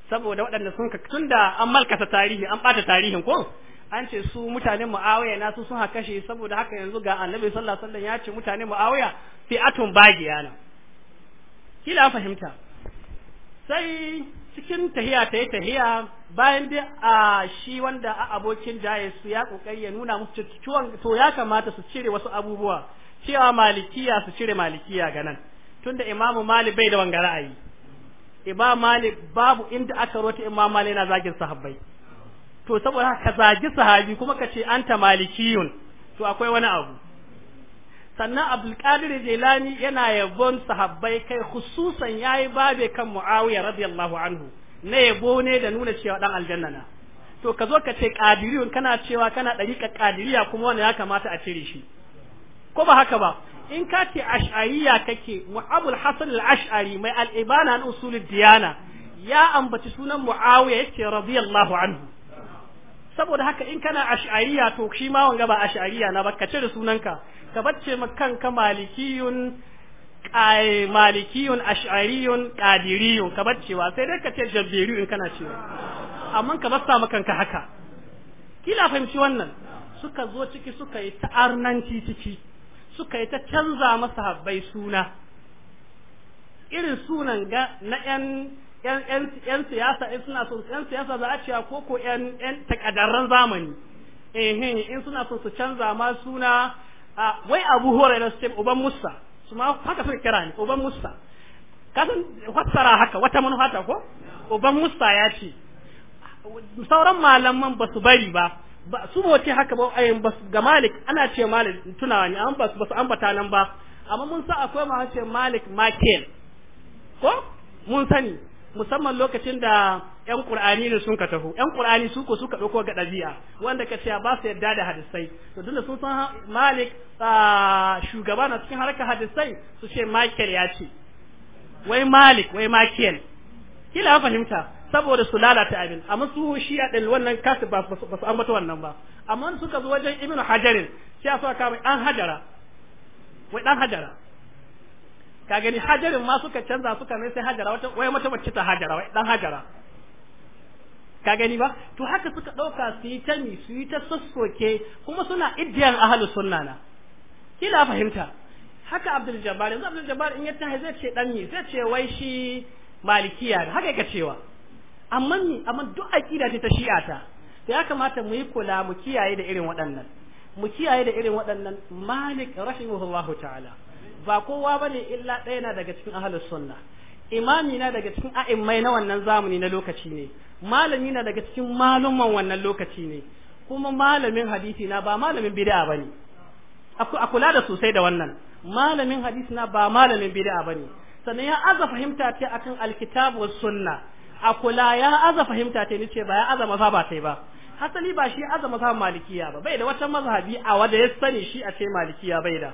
S1: saboda waɗanda sun tun da an malkata tarihi an ɓata tarihin ko an ce su mutanen muawiya na su sun kashe saboda haka yanzu ga annabi sallallahu alaihi wasallam ya ce mutanen muawiya fi atun bagiya nan kila fahimta sai cikin tahiya ta tahiya bayan dai a shi wanda a abokin jaye su ya kokari ya nuna musu ciwon to ya kamata su cire wasu abubuwa cewa malikiya su cire malikiya ga nan tunda imamu mali bai da wanga ra'ayi imam malik babu inda aka rota imam malik yana zagin sahabbai to saboda ka zagi sahabi kuma ka ce anta malikiyun to akwai wani abu sannan Qadir Jilani yana yabon sahabbai kai khususan yayi babe kan muawiya radiyallahu anhu na yabo ne da nuna cewa dan aljanna na to ka zo ka ce qadiriyun kana cewa kana dariƙa qadiriya kuma wannan ya kamata a cire shi ko ba haka ba in ka ce ash'ariya kake mu'abul hasan al-ash'ari mai al-ibana an usulul diyana ya ambaci sunan muawiya yake radiyallahu anhu saboda haka in kana ash'ariya to shi ma wanga ba ash'ariya na ba ka da sunanka ka bacce kanka malikiyun ai malikiyun ash'ariyun qadiriyun ka wa sai dai ka ce in kana cewa amma ka basta ka haka kila fahimci wannan suka zo ciki suka yi ta'arnanci ciki suka yi ta canza masa habbai suna irin sunan ga na yan yan siyasa in suna so yan siyasa za a cewa ko ko yan yan takaddaran zamani eh in suna so su canza ma suna wai Abu Hurairah sai uban Musa su ma haka suka kira ni uban Musa kasan wasara haka wata manufa ta ko uban Musa ya ce sauran malaman ba su bari ba ba su ba wace haka ba ayin ba ga malik ana ce malik tunawa ne an ba su ambata nan ba amma mun sa akwai ma ce malik makel ko mun sani musamman lokacin da yan qur'ani ne sun ka taho yan qur'ani su ko suka dauko ga dabi'a wanda ka ce ba su yarda da hadisai to dole sun san malik shugaba na cikin harkar hadisai su ce makel ya ce wai malik wai makel kila fahimta saboda su lalata abin amma su shi a ɗin wannan kasu ba su ambata wannan ba amma suka zo wajen ibnu hajarin sai a suka kama an hajara wai dan hajara ka gani hajarin ma suka canza suka ne sai hajara wata wai mata wacce ta hajara wai dan hajara ka gani ba to haka suka ɗauka su yi ta mi su yi ta sassoke kuma suna iddiyan ahalu sunna na kila fahimta haka abdul jabbar yanzu abdul jabbar in ya ta zai ce dan mi zai ce wai shi malikiya haka yake cewa amma ni amma duk aqida ce ta shi'a ta to ya kamata mu yi kula mu kiyaye da irin waɗannan mu kiyaye da irin waɗannan malik rahimahullahu ta'ala ba kowa bane illa ɗaya na daga cikin ahlus sunna imami na daga cikin a'immai na wannan zamani na lokaci ne malami na daga cikin malumman wannan lokaci ne kuma malamin hadisi na ba malamin bid'a bane a kula da sosai da wannan malamin hadisi na ba malamin bid'a bane sannan ya aza fahimta ta akan alkitabu was sunna a kula ya aza fahimta ta ce ba ya aza ba ta ba hasali ba shi aza maza malikiya ba bai da wata mazhabi a wanda ya sani shi a ce malikiya bai da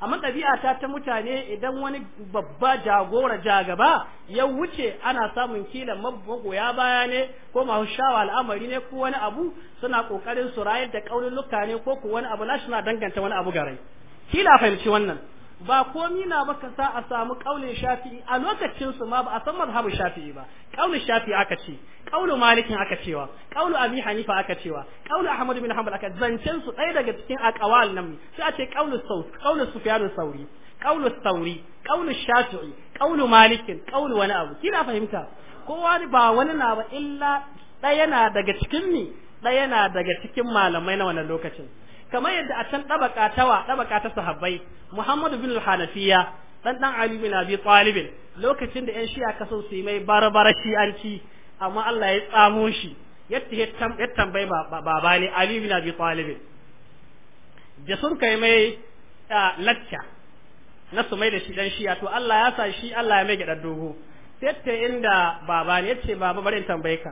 S1: amma ɗabi'a ta ta mutane idan wani babba jagora jagaba ya wuce ana samun kila magoya baya ne ko masu shawa al'amari ne ko wani abu suna kokarin su rayar da kaulin ne ko ko wani abu na suna danganta wani abu garai kila fahimci wannan ba komi na ba sa a samu kaulin shafi'i a lokacin su ma ba a san mazhabin shafi'i ba kaulin shafi'i aka ce kaulu malikin aka cewa kaulu abi hanifa aka cewa kaulu ahmad bin hanbal aka zancen su ɗaya daga cikin aqwal nan sai a ce kaulu saus kaulu sufyan sauri kaulu sauri kaulu shafi'i kaulu malikin kaulu wani abu kina fahimta kowa ba wani na ba illa ɗaya na daga cikin ni ɗaya na daga cikin malamai na wannan lokacin kamar yadda a can ɗabaka tawa ɗabaka ta sahabbai muhammadu bin hanafiya dan dan ali bin abi talib lokacin da yan shi'a kaso su yi mai barbara shi'anci amma Allah ya tsamo shi yadda ya tambayi baba ne ali bin abi talib da sun kai mai lacca na su mai da shi dan shi'a to Allah ya sa shi Allah ya mai gidan dogo yadda inda baba ne yace baba bari tambaye ka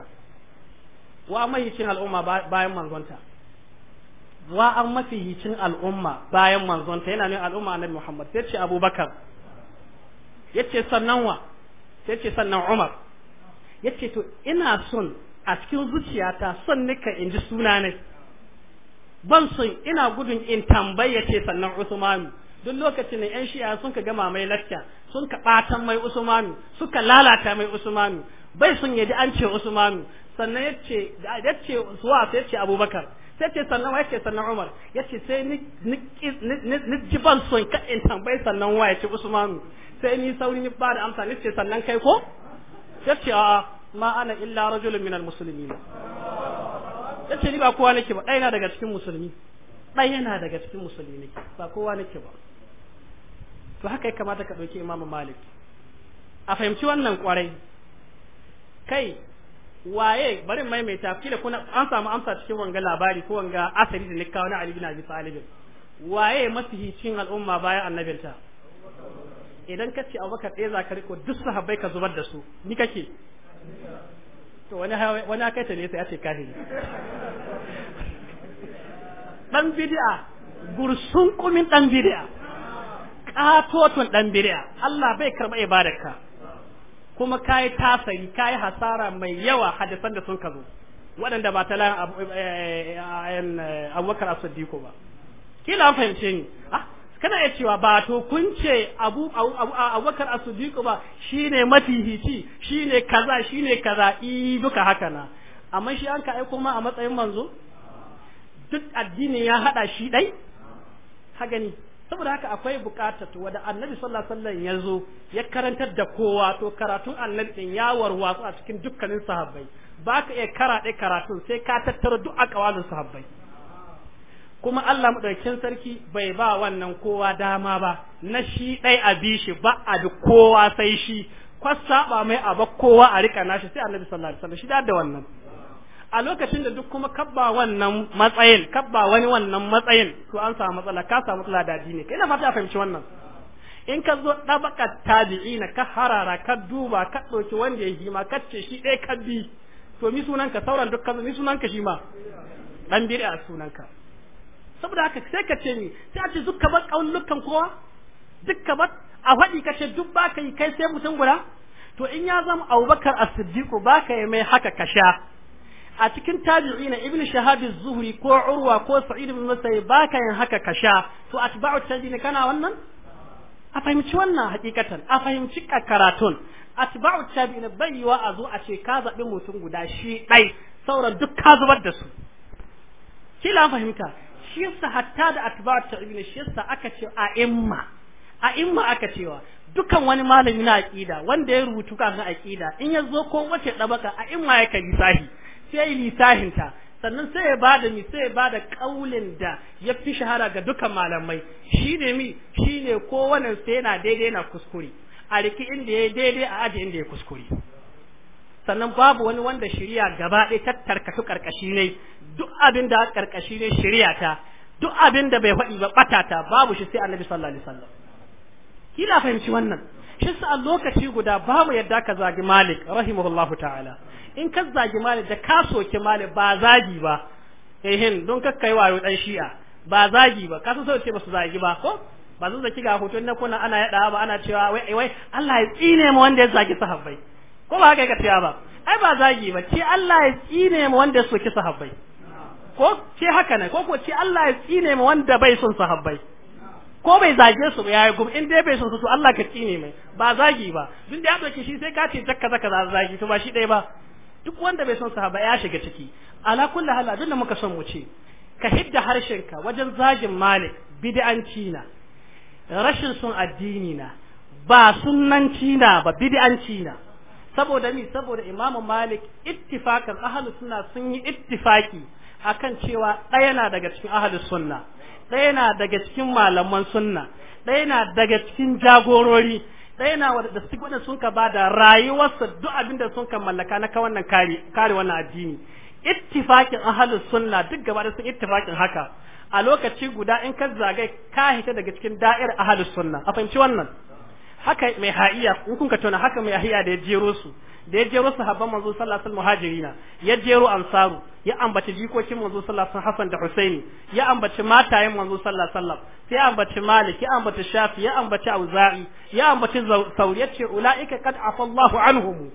S1: wa mai cin al'umma bayan manzonta wa an mafihicin al'umma bayan manzonta yana nuna al'umma annabi Muhammad sai ce Abubakar yace sannan wa sai ce sannan Umar yace to ina son a cikin zuciyata son nika in ji suna ne ban son ina gudun in tambaye ce sannan Usmanu duk lokacin da yan shi'a sun ka gama mai lacca sun ka batan mai Usman suka lalata mai Usmanu bai son ya ji an ce Usman sannan yace yace suwa sai yace Abubakar sai ce sannan wa ce sannan Umar ya ce sai ni ni ji ban son kaɗin tambayi sannan wa ce Usman sai ni sauri ni ba da amsa ni ce sannan kai ko ya ce a ma ana illa rajulun minal ya ce ni ba kowa nake ba ɗaya na daga cikin musulmi ɗaya na daga cikin musulmi nake ba kowa nake ba to haka ya kamata ka ɗauki imamu Malik a fahimci wannan kwarai kai waye bari maimaita da kuna an samu amsa cikin wanga labari ko wanga asali da nikawa na Ali bin Abi Talib waye masihicin al'umma bayan annabinta idan ka ce Abubakar ɗaya za ka riko duk sahabbai ka zubar da su ni kake to wani wani kai ta ne sai ya ce kafiri dan bid'a gursun kumin dan bid'a katoton dan bid'a Allah bai karba ibadarka kuma kayi tasari kayi hasara mai yawa hadisan da sun kazo waɗanda ba ta layan eh, eh, eh, abubakar asadiko ba kila an fahimce ni ah, kana iya cewa ba to kun ce abu abubakar asadiko ba shine mafihici shine kaza shine kaza i duka haka na amma shi an ka aiko ma a matsayin manzo duk addini ya haɗa shi ɗai ha gani saboda haka akwai bukatar to da annabi sallallahu alaihi wasallam ya zo ya karantar da kowa to karatun annabi din ya warwatsu a cikin dukkanin sahabbai baka iya karaɗe karatun sai ka tattara duk akawalin sahabbai kuma Allah madaukin sarki bai ba wannan kowa dama ba na shi dai a bi shi ba a bi kowa sai shi ba mai a ba kowa a rika nashi sai annabi sallallahu alaihi wasallam shi da wannan a lokacin da duk kuma kabba wannan matsayin kabba wani wannan matsayin to an samu matsala ka samu matsala da dini kai na fata fahimci wannan in ka zo ɗabakar tabi'ina ka harara ka duba ka ɗauki wanda ya yi ka ce shi ɗaya ka bi to mi sunan ka sauran duk kazo mi sunan ka shi ma dan bid'a sunan ka saboda haka sai ka ce ni sai a ce duk ka bar kaulukan kowa duk ka bar a faɗi ka ce duk baka yi kai sai mutum guda to in ya zama Abubakar As-Siddiq baka yi mai haka ka sha a cikin na ibn shahab az-zuhri ko urwa ko sa'id ibn musayyib baka yin haka kasha to atba'u tabi'ina kana wannan a fahimci wannan hakikatan a fahimci karatun atba'u tabi'ina bayywa a zo a ce ka zabi mutum guda shi dai sauran duk ka zubar da su kila fahimta shi yasa hatta da atba'u ne shi yasa aka ce a imma a imma aka cewa dukan wani malami na aqida wanda ya rubutu kan aqida in ya zo ko wace dabaka a imma ya kabi sahi sai lisahinta sannan sai ya bada mi sai ya bada kaulin da ya fi shahara ga dukan malamai shine mi ne kowane sai yana daidai na kuskure a riki inda ya daidai a aji inda ya kuskure sannan babu wani wanda shirya gaba ɗaya ta tarkasu karkashi ne duk abin da karkashi ne shirya ta duk abin da bai faɗi ba ɓata ta babu shi sai annabi sallallahu alaihi wasallam kila fahimci wannan shi sa a lokaci guda ba mu yadda ka zagi malik rahimahullahu ta'ala in ka zagi malik da ka soki malik ba zagi ba ehin eh, don kai wayo dan shi'a ba zagi ba ka so ce ba su zagi ba ko ba zan zaki ga hoton na kuna ana yada ba ana cewa wai wai Allah ya tsine mu wanda ya zagi sahabbai ko ba haka ka tiya ba ai ba zagi ba ce Allah ya tsine mu wanda ya soke sahabbai ko ce haka ne ko ko ce Allah ya tsine mu wanda bai son sahabbai ko bai zage su ba yayi gum in dai bai so su Allah ka tsine mai ba zagi ba dun da ya doke shi sai ka ce zakka zaka za zagi to ba shi dai ba duk wanda bai son sahaba ya shiga ciki ala kulli hal abin da muka son mu ce ka hidda harshenka wajen zagin malik bid'anci na rashin sun addini na ba sunnanci na ba bid'anci na saboda ni saboda imamu malik ittifakan ahlus sunna sun yi ittifaki akan cewa ɗaya na daga cikin ahlus sunna ɗaya na daga cikin malaman sunna ɗaya na daga cikin jagorori ɗaya na wadda su gwada sun ka bada rayuwarsa duk abin da sun ka mallaka na wannan kare wannan addini ittifakin ahalin sunna duk gaba da sun ittifakin haka a lokaci guda in ka zagai ka hita daga cikin da'ir ahalin sunna a fahimci wannan haka mai ha'iya in kun ka tona haka mai ha'iya da ya jero su da ya jero sahabban manzo sallallahu alaihi muhajirina ya jero ansaru ya ambaci jikokin manzo sallallahu alaihi Hassan da Husaini ya ambaci matayen manzo sallallahu alaihi sai ambaci Malik ya ambaci Shafi ya ambaci Auza'i ya ambaci Sauri ya ce ulaika kad afallahu anhum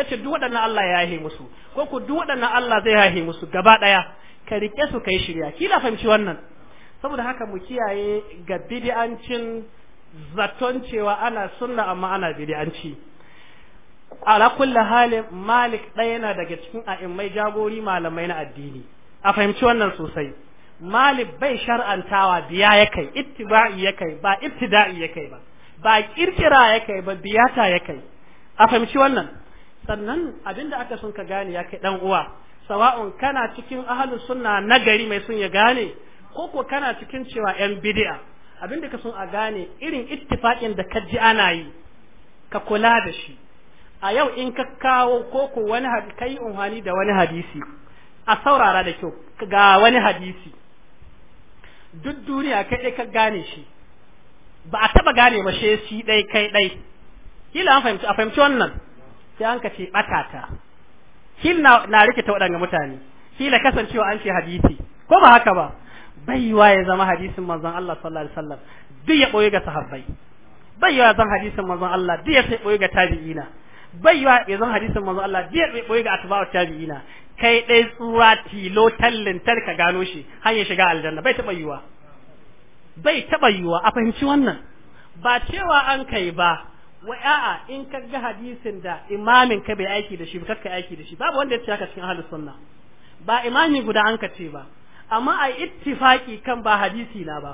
S1: ce duk waɗannan Allah ya yahe musu ko ku duk waɗannan Allah zai yahe musu gaba ɗaya ka rike su kai shirya kila fahimci wannan saboda haka mu kiyaye ga bid'ancin zaton cewa ana sunna amma ana bid'anci ala kulli halin malik ɗaya yana daga cikin a'immai jagori malamai na addini a fahimci wannan sosai malik bai shar'antawa biya ya kai ittiba'i ya kai ba ibtida'i ya kai ba ba kirkira ya kai ba biyata ya kai a fahimci wannan sannan abinda aka sun ka gane ya kai dan uwa sawa'un kana cikin ahlus sunna nagari mai sun ya gane ko ko kana cikin cewa yan bid'a abinda ka sun a gane irin ittifaƙin da ka ji ana yi ka kula da shi a yau in ka kawo ko ko wani kai unhani da wani hadisi a saurara da kyau ga wani hadisi duk duniya kai dai ka gane shi ba a taɓa gane ba she shi ɗai kai ɗai kila an fahimci a fahimci wannan sai an ka ce ɓatata kila na, na rikita waɗanda mutane kila kasancewa an ce hadisi ko ba haka ba yiwa ya zama hadisin manzon Allah sallallahu alaihi wasallam duk ya boye ga sahabbai bai ya zama hadisin manzon Allah duk ya boye ga tabi'ina yiwa ya zama hadisin manzon Allah duk ya boye ga atba'u tabi'ina kai dai tsura tilo tallin tarka gano shi har ya shiga aljanna bai taba yiwa bai taba yiwa a fahimci wannan ba cewa an kai ba wa a'a in ka ga hadisin da imamin ka bai aiki da shi ba kai aiki da shi babu wanda ya ce haka cikin ahlus sunna ba imami guda an ka ce ba amma a ittifaki kan ba hadisi na ba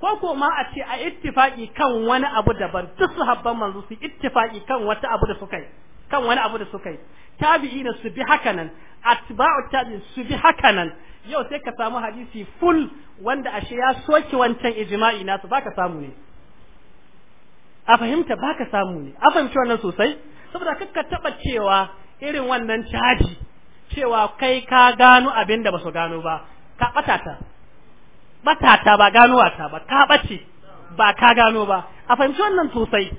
S1: ko ko ma a ce a ittifaki kan wani abu daban duk su habban manzo su ittifaki kan wata abu da suka yi kan wani abu da suka yi tabi'i na su bi haka nan atba'u tabi su bi haka nan yau sai ka samu hadisi full wanda ashe ya soke wancan ijma'i nasu baka samu ne a fahimta baka samu ne a fahimci wannan sosai saboda kakka taba cewa irin wannan caji cewa kai ka gano abin da ba su gano ba ka ɓata ta bata ta ba ganowa ta ba ka ɓace ba ka gano ba a fahimci wannan sosai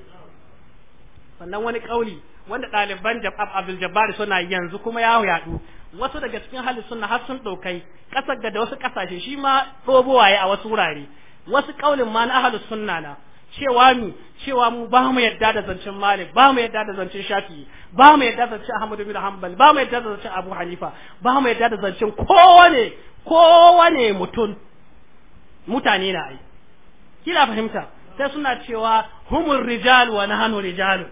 S1: sannan wani ƙauli wanda ɗaliban Abdul Jabbar suna yanzu kuma ya yaɗu wasu daga cikin hali suna har sun ɗaukai ƙasar da wasu ƙasashe shi ma ɗobowaye a wasu wurare wasu ƙaulin ma na ahalus sunna na cewa mu cewa mu ba mu yadda da zancen Malik ba mu yadda da zancen Shafi ba mu yadda da zancen Ahmad bin Hanbal ba mu yadda da zancen Abu Hanifa ba mu yadda da zancen kowane kowane mutum mutane na ai kila fahimta sai suna cewa humur rijal wa nahnu rijal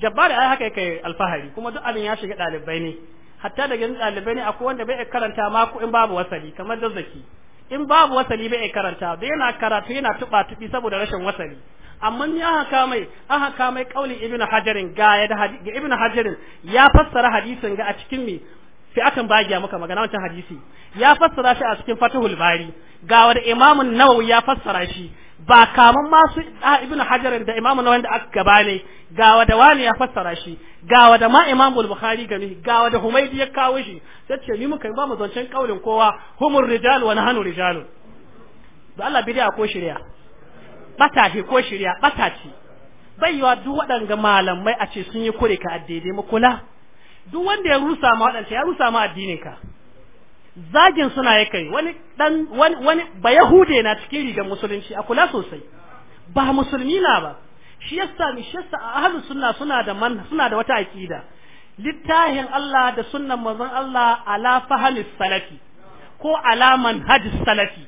S1: jabbar ai haka yake alfahari kuma duk abin ya shiga dalibai ne hatta daga ɗalibai ne akwai wanda bai karanta ma in babu wasali kamar zaki in babu wasali bai karanta da yana karatu yana tuba tubi saboda rashin wasali amma ni aka kamai aka kamai kauli ibn hajarin ga ya da ibnu hajarin ya fassara hadisin ga a cikin me fi akan bagiya maka magana wancan hadisi ya fassara shi a cikin fatuhul bari ga da imamun nawawi ya fassara shi ba kaman masu ibn hajar da imamu na wanda aka gaba ne ga wada wani ya fassara shi ga wada ma imamu al-bukhari ni ga wada humaydi ya kawo shi sai ce ni muka ba mu zancen kaulin kowa humur rijal wa nahnu rijal da Allah bidiya ko shirya bata ko shirya bata ce baiwa duk waɗanga malamai a ce sun yi kure ka addede mu kula duk wanda ya rusa ma waɗanda ya rusa ma addinin ka zagin suna ya kai wani dan wani wani ba yahude na cikin rigar musulunci a kula sosai ba musulmi na ba shi yasa mi shi yasa ahlus sunna suna da man suna da wata aqida littahin Allah da sunnan manzon Allah ala fahmi salafi ko alaman manhaj salafi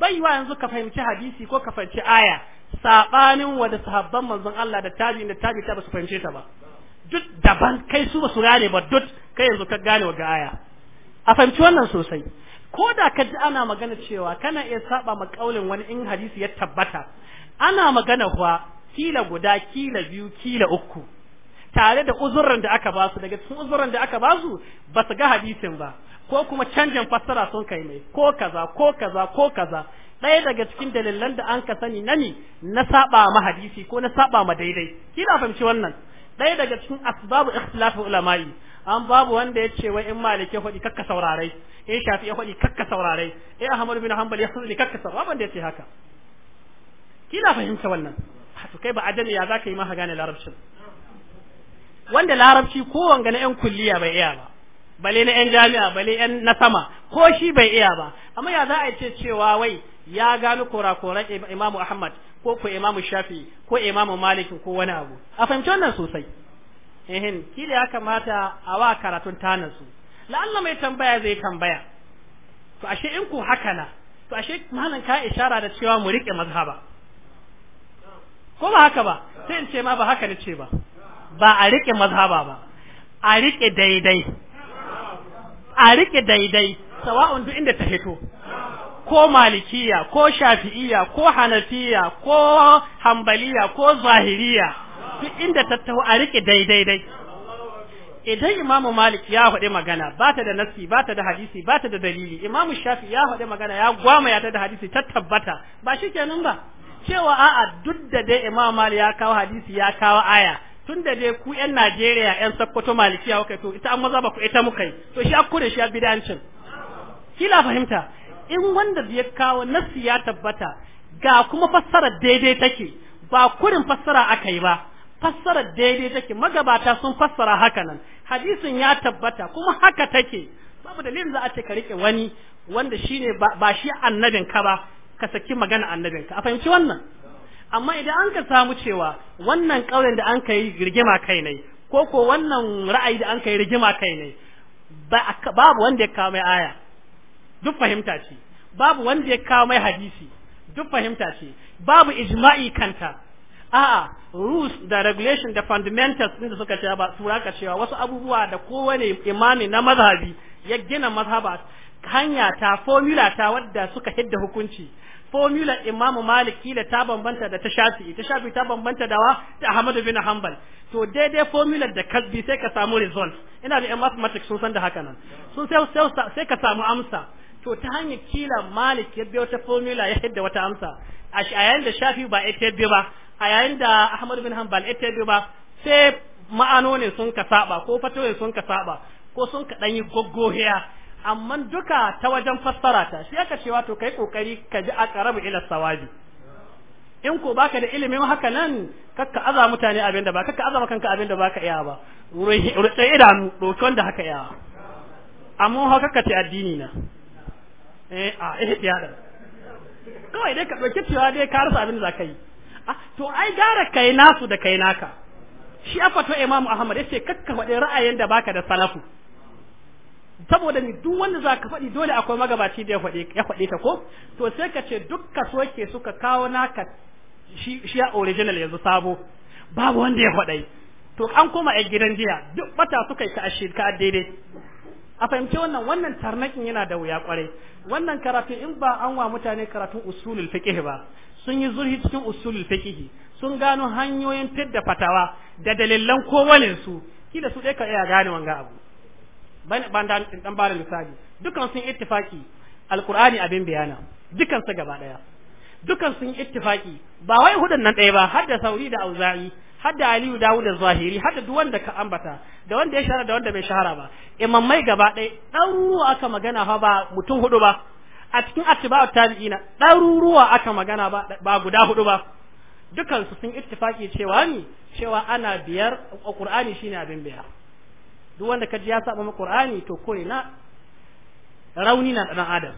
S1: bai wa yanzu ka fahimci hadisi ko ka fahimci aya sabanin wa da sahabban manzon Allah da tabi'in da tabi'in ta ba su fahimce ta ba duk daban kai su ba su gane ba duk kai yanzu ka gane wa ga aya a fahimci wannan sosai ko da ka ji ana magana cewa kana iya saba makaulin wani in hadisi ya tabbata ana magana kuwa kila guda kila biyu kila uku tare da uzurran da aka basu daga cikin uzurran da aka basu ba su ga hadisin ba ko kuma canjin fassara sun kai mai ko kaza ko kaza ko kaza ɗaya daga cikin dalilan da an ka sani na ni na saba ma hadisi ko na saba ma daidai kila fahimci wannan ɗaya daga cikin asbabu ikhtilafu ulama'i an babu wanda ya ce wai in malike hudi kakka saurarai in shafi ya hudi kakka saurarai in ahmad bin hanbal ya hudi kakka saurarai wanda ya ce haka kina fahimta wannan ah, to kai ba adami ya zaka yi ma gane larabcin wanda larabci ko wanga na yan kulliya bai iya ba bale na yan jami'a bale yan na sama ko shi bai iya ba amma ya za a ce cewa wai ya gano kora-kora koran imamu ahmad ko ko imamu shafi ko imamu malik ko wani abu a fahimci wannan sosai ehin kila ya kamata a wa karatun tanansu la'alla mai tambaya zai tambaya to ashe in ku haka na to ashe malam ka ishara da cewa mu rike mazhaba ko ba haka ba sai in ce ma ba haka nace ba ba a rike mazhaba ba a rike daidai a rike daidai sawa'un duk inda ta hito ko malikiya ko shafi'iya ko hanafiya ko hambaliya ko zahiriya duk inda ta a rike daidai dai idan imamu malik ya faɗi magana ba ta da nassi ba ta da hadisi ba ta da dalili imamu shafi ya faɗi magana ya gwama ya ta da hadisi ta tabbata ba shi kenan ba cewa a'a duk da dai imamu malik ya kawo hadisi ya kawo aya tun da dai ku yan najeriya yan sakkwato malikiya kuka to ita an maza ba ku ita muka yi to shi akure shi bidancin kila fahimta in wanda ya kawo nassi ya tabbata ga kuma fassara daidai take ba kurin fassara aka yi ba fassarar daidai take magabata sun fassara haka nan hadisin ya tabbata kuma haka take babu dalilin za a ce ka rike wani wanda shine ba shi annabin ka ba ka saki magana annabin ka a fahimci wannan amma idan an ka samu cewa wannan kauyen da an ka yi rigima kai ne ko ko wannan ra'ayi da an ka yi rigima kai ne babu wanda ya kawo mai aya duk fahimta ce babu wanda ya kawo mai hadisi duk fahimta ce babu ijma'i kanta a'a rules da regulation da fundamentals din da suka ce ba su raka cewa wasu abubuwa da kowane imani na mazhabi ya gina mazhaba hanya ta formula ta wadda suka hidda hukunci formula imamu malik kila ta bambanta da ta shafi ta shafi ta bambanta da wa ta ahmad bin hanbal to daidai formula da kasbi sai ka samu result ina da mathematics sun san da haka nan sun sai sai ka samu amsa to ta hanyar kila malik ya biyo ta formula ya hidda wata amsa a yayin da shafi ba ita biyo ba a yayin da Ahmad bin Hanbal ita bi ba sai ma'ano ne sun ka saba ko fatoyin sun ka saba ko sun ka dan yi goggohiya amma duka ta wajen fassara ta shi aka cewa to kai kokari ka ji aqrabu ila sawabi in ko baka da ilimin haka nan kakka aza mutane abin da ba kakka aza kanka abin da baka iya ba rutsa idan doki wanda haka iya amma haka kakka ce addini na eh a eh ya da kawai dai ka doki cewa dai ka rasa abin da zaka yi Ah, to ai gara kai nasu da kai naka shi a fato imamu ahmad yace kakka faɗi ra'ayin da baka da salafu saboda ni duk wanda zaka faɗi dole akwai magabaci da ya faɗi ya faɗi ta ko to sai ka ce dukka soke suka kawo naka shi shi original yanzu sabo
S2: babu wanda ya faɗai
S1: to an koma a gidan jiya duk bata suka yi ka ashir ka daidai a fahimci wannan wannan tarnakin yana da wuya kwarai wannan karatu in ba an wa mutane karatun usulul fiqh ba sun yi zurhi cikin usulul fiqh sun gano hanyoyin tadda fatawa da dalilan kowannen su kila su dai ka iya gane wanga abu ban da dan bada misali dukan sun ittifaki alqur'ani abin bayana dukan su gaba daya dukan sun ittifaki ba wai hudun nan daya ba har da sauri da auza'i har da aliyu dawud da zahiri har da wanda ka ambata da wanda ya shahara da wanda bai shahara ba imamai gaba daya dan ruwa aka magana fa ba mutum hudu ba a cikin atba'u tabi'ina ɗaruruwa aka magana ba ba guda hudu ba dukan su sun ittifaki cewa ni cewa ana biyar qur'ani shine abin biya duk wanda kaji ya saba mu qur'ani to ko na rauni na dan adam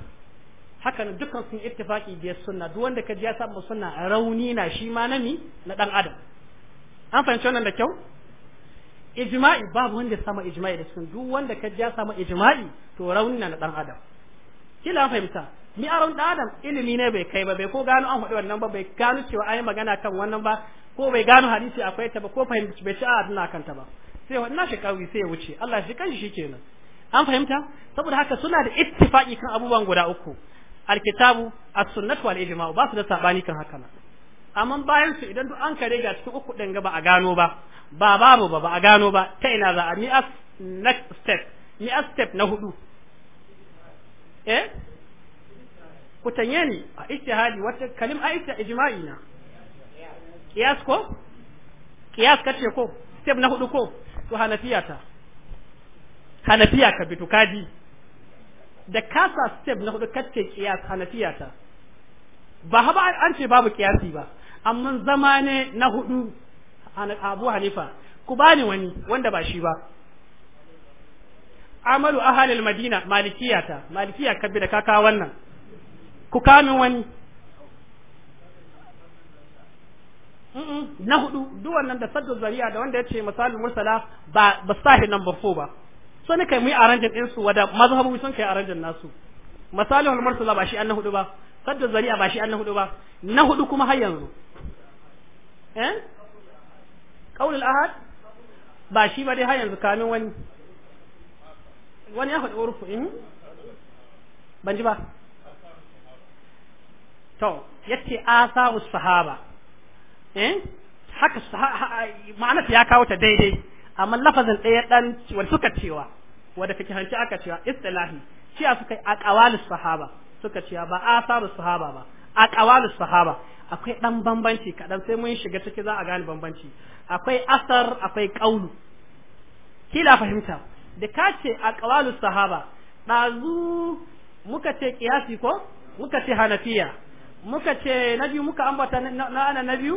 S1: haka ne dukan sun ittifaki biyar sunna duk wanda kaji ya saba sunna rauni na shi ma na ni na dan adam an fahimci wannan da kyau ijma'i babu wanda ya samu ijma'i da sun duk wanda kaji ya samu ijma'i to rauni na dan adam kila fahimta mi aron da adam ilimi ne bai kai ba bai ko gano an hudu wannan ba bai gano cewa ayi yi magana kan wannan ba ko bai gano hadisi akwai ta ba ko fahimci bai ci a kan ta ba sai wannan shi kawai sai ya wuce Allah shi kanshi shikenan an fahimta saboda haka suna da ittifaki kan abubuwan guda uku alkitabu as sunnah wal ijma ba su da sabani kan haka nan amma bayan su idan duk an kare ga cikin uku din ga ba a gano ba ba babu ba ba a gano ba ta ina za a mi as next step mi as step na hudu eh ku a ijtihadi wata kalim a ijta ijma'i na kiyas ko kiyas kace ko step na hudu ko to hanafiya ta hanafiya ka bitu kadi da kasa step na hudu kace kiyas hanafiya ta ba haba an ce babu kiyasi ba amma zamane na hudu abu hanifa ku bani wani wanda ba shi ba amalu ahalil madina malikiya ta malikiya kabi da kaka wannan ku kamin wani na hudu duk wannan da saddu zariya da wanda ya ce misalin mursala ba ba sahi number 4 ba so ne kai mu yi arrangin din su wada mazhabu sun kai arrangin nasu misalin mursala ba shi an na hudu ba saddu zariya ba shi an na hudu ba na hudu kuma har yanzu eh qaulul ahad ba shi ba dai har yanzu kamin wani wani ya faɗi in ban ji ba to yace asaru sahaba eh haka ma'anar ya kawo ta daidai amma lafazin ɗaya dan wani suka cewa wanda kake hanci aka cewa istilahi shi suka yi aqwalu sahaba suka cewa ba asaru sahaba ba aqwalu sahaba akwai dan bambanci kadan sai mun shiga ciki za a gane bambanci akwai asar akwai qaulu kila fahimta da ka ce aqwalus sahaba dazu muka ce qiyasi ko muka ce hanafiya muka ce na biyu muka ambata na ana na biyu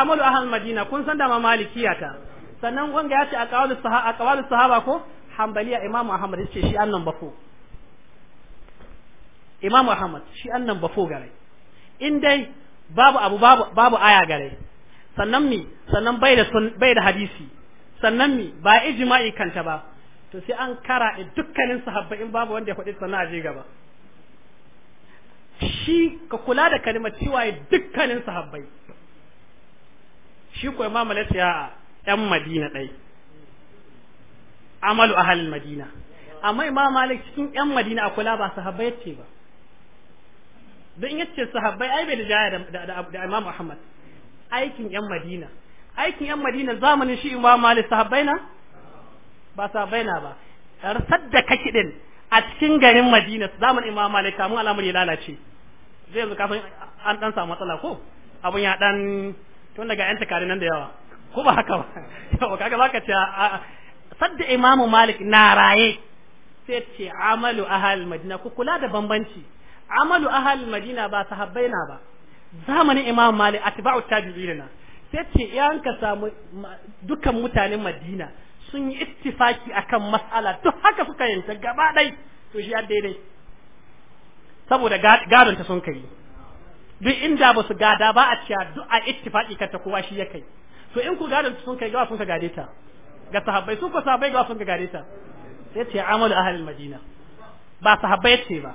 S1: amalu ahal madina kun san da ma malikiya ta sannan wanga ya ce a sahaba sahaba ko hanbaliya imamu ahmad ya ce shi annan bafo imamu ahmad shi annan bafo gare in dai babu abu babu babu aya gare sannan mi sannan bai da bai da hadisi sannan mi ba ijma'i kanta ba to sai an kara dukkanin sahabbai in babu wanda ya faɗi sana'a a je gaba shi ka kula da kalimar cewa dukkanin sahabbai shi kuwa imam malik ya ƴan madina ɗai amalu ahalin madina amma imam malik cikin ƴan madina a kula ba sahabbai ce ba don in yace sahabbai ai bai da jaya da imam muhammad aikin ƴan madina aikin ƴan madina zamanin shi imam malik sahabbai na ba sa na ba rasar da kake din a cikin garin Madina zaman Imam Malik kamun al'amur ya lalace zai yanzu kafin an dan samu matsala ko abun ya dan tun daga yan takari nan da yawa ko ba haka ba to kaga zaka ce sadda Imam Malik na raye sai ce amalu ahal Madina ku kula da bambanci amalu ahal Madina ba sahabbai na ba zamanin Imam Malik atba'u tabi'ina sai ce ka samu dukkan mutanen Madina sun yi ittifaki akan mas'ala duk haka suka yanta gaba ɗai to shi daidai saboda gadon ta sun kai duk inda ba su gada ba a cewa duk a ittifaki kanta kowa shi ya kai to in ku gadon ta sun kai gawa sun ka gade ta ga sahabbai sun ko sahabbai gawa sun ka gade ta sai ce amalu ahlul madina ba sahabbai ce ba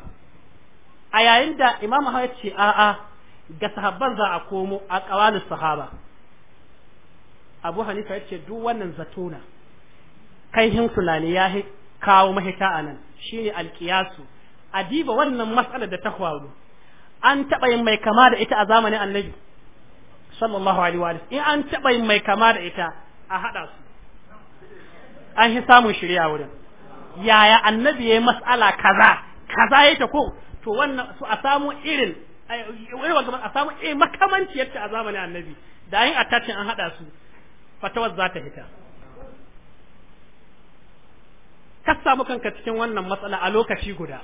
S1: a yayin da imamu hawa ce a'a ga sahabban za a komo a kawalin sahaba abu hanifa ya ce duk wannan zatona kaihin tunani ya kawo mahita a nan shine alkiyasu adiba wannan matsalar da ta faru an taɓa yin mai kama da ita a zamanin annabi sallallahu alaihi wa in an taɓa yin mai kama da ita a haɗa su an shi samun shirya wurin yaya annabi ya yi mas'ala kaza kaza ya ta ko to wannan su a samu irin a samu irin eh, makamanciyarta a zamanin annabi da yin attachin an haɗa su fatawar za ta hita ka samu kanka cikin wannan matsala a lokaci guda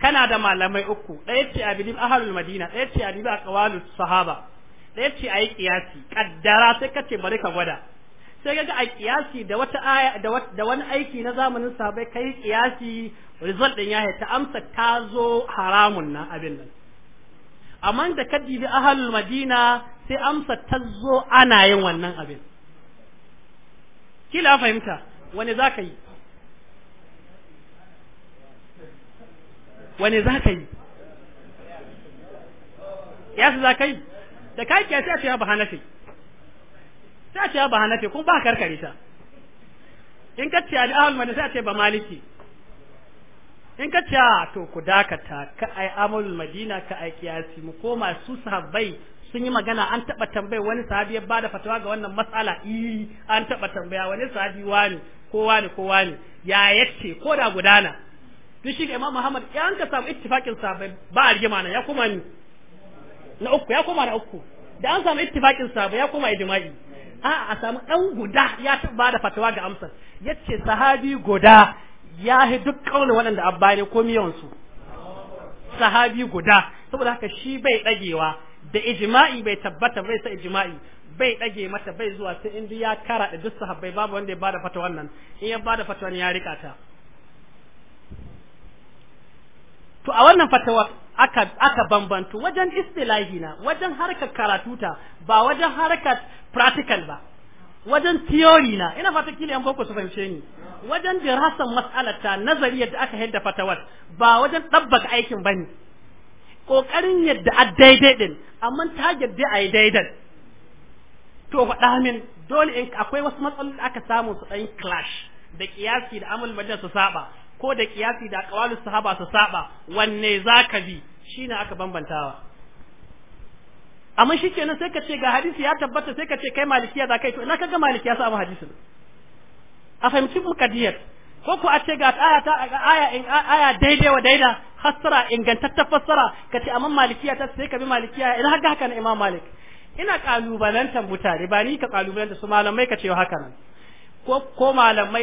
S1: kana da malamai uku ɗaya ce a bilib ahalul madina ɗaya ce a bilib a ƙawalu sahaba ɗaya ce a yi kiyasi kaddara sai ka ce bari ka gwada sai ga a kiyasi da wata aya da wani aiki na zamanin ka kai kiyasi result din ya ta amsa ta zo haramun nan abin nan amma da ka dibi ahalul madina sai amsa ta zo ana yin wannan abin kila fahimta wani za ka yi wani za ka yi ya su za ka yi da ka yi sai a ce ya ba hanafi sai a ce ya ba hanafi kuma ba karkare ta in ka ce al'ahul madani sai a ce ba maliki in ka ce to ku dakata ka ai amalul madina ka ai kiyasi mu koma su sahabbai sun yi magana an taba tambaya wani sahabi ya bada fatawa ga wannan matsala eh an taba tambaya wani sahabi wani ko wani ko wani ya yace ko da gudana duk shi ga Imam Muhammad ya an ka samu ittifakin sahabbai ba a rigima na ya koma ni na uku ya koma na uku da an samu ittifakin sahabbai ya koma ijma'i a a samu dan guda ya ba da fatawa ga amsar yace sahabi guda ya yi duk kaulin waɗanda abbani ko miyan su sahabi guda saboda haka shi bai dagewa da ijma'i bai tabbata bai sa ijma'i bai ɗage mata bai zuwa sai in ya kara da duk sahabbai babu wanda ya bada fata wannan in ya bada fata wani ya rika ta to a wannan fatawa aka aka bambanto wajen istilahi na wajen harkar karatu ta ba wajen harkar practical ba wajen theory na ina fata kila an boko su fahimce ni wajen dirasan mas'alata nazariyar da aka yadda fatawar ba wajen ɗabbaka aikin bane kokarin yadda a daidai din amma ta dai a yi daidai to faɗa min dole in akwai wasu matsaloli da aka samu su ɗan clash da kiyasi da amal majalisa su saba ko da kiyasi da aqwalus sahaba su saba wanne zaka bi shine aka bambantawa amma shikenan sai ka ce ga hadisi ya tabbata sai ka ce kai malikiya za kai to ina kaga malikiya sa mu hadisin a fahimci mukaddiyar ko ku a ce ga aya ta aya in aya daidai wa daida hasara ingantattar fassara ka ce amma malikiya ta sai ka bi malikiya ina haka haka na imam malik ina kalubalantar mutane ba ni ka kalubalanta su malamai ka ce haka nan ko ko malamai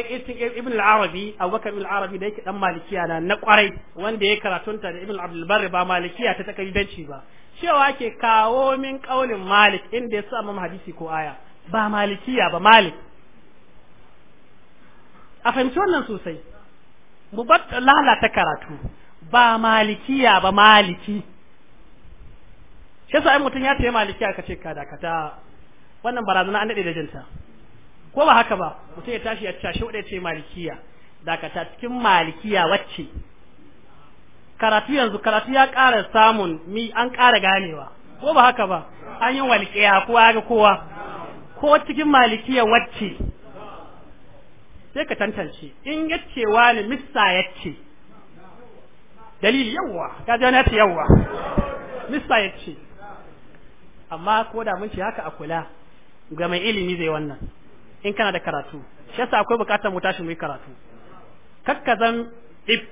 S1: ibn al-arabi abubakar ibn al-arabi da yake dan malikiya na na kwarai wanda ya karatunta da ibn abdul barri ba malikiya ta takaddanci ba cewa ke kawo min kaulin malik inda ya samu hadisi ko aya ba malikiya ba malik a fahimci wannan sosai mu lalata karatu ba malikiya ba maliki shi yasa ai mutum ya ce malikiya ka ce ka dakata wannan barazana an dade da jinta ko ba haka ba mutum ya tashi ya tashi wadda ce malikiya dakata cikin malikiya wacce karatu yanzu karatu ya ƙara samun mi an ƙara ganewa ko ba haka ba an yi walƙiya kowa ga kowa ko cikin malikiya wacce sai ka tantance in yace wani missa yace dalili yawwa ka ji wani yace yawwa missa yace amma ko da mun ce haka a kula ga mai ilimi zai wannan in kana da karatu shi yasa akwai bukatar mu tashi mu yi karatu kakkazan if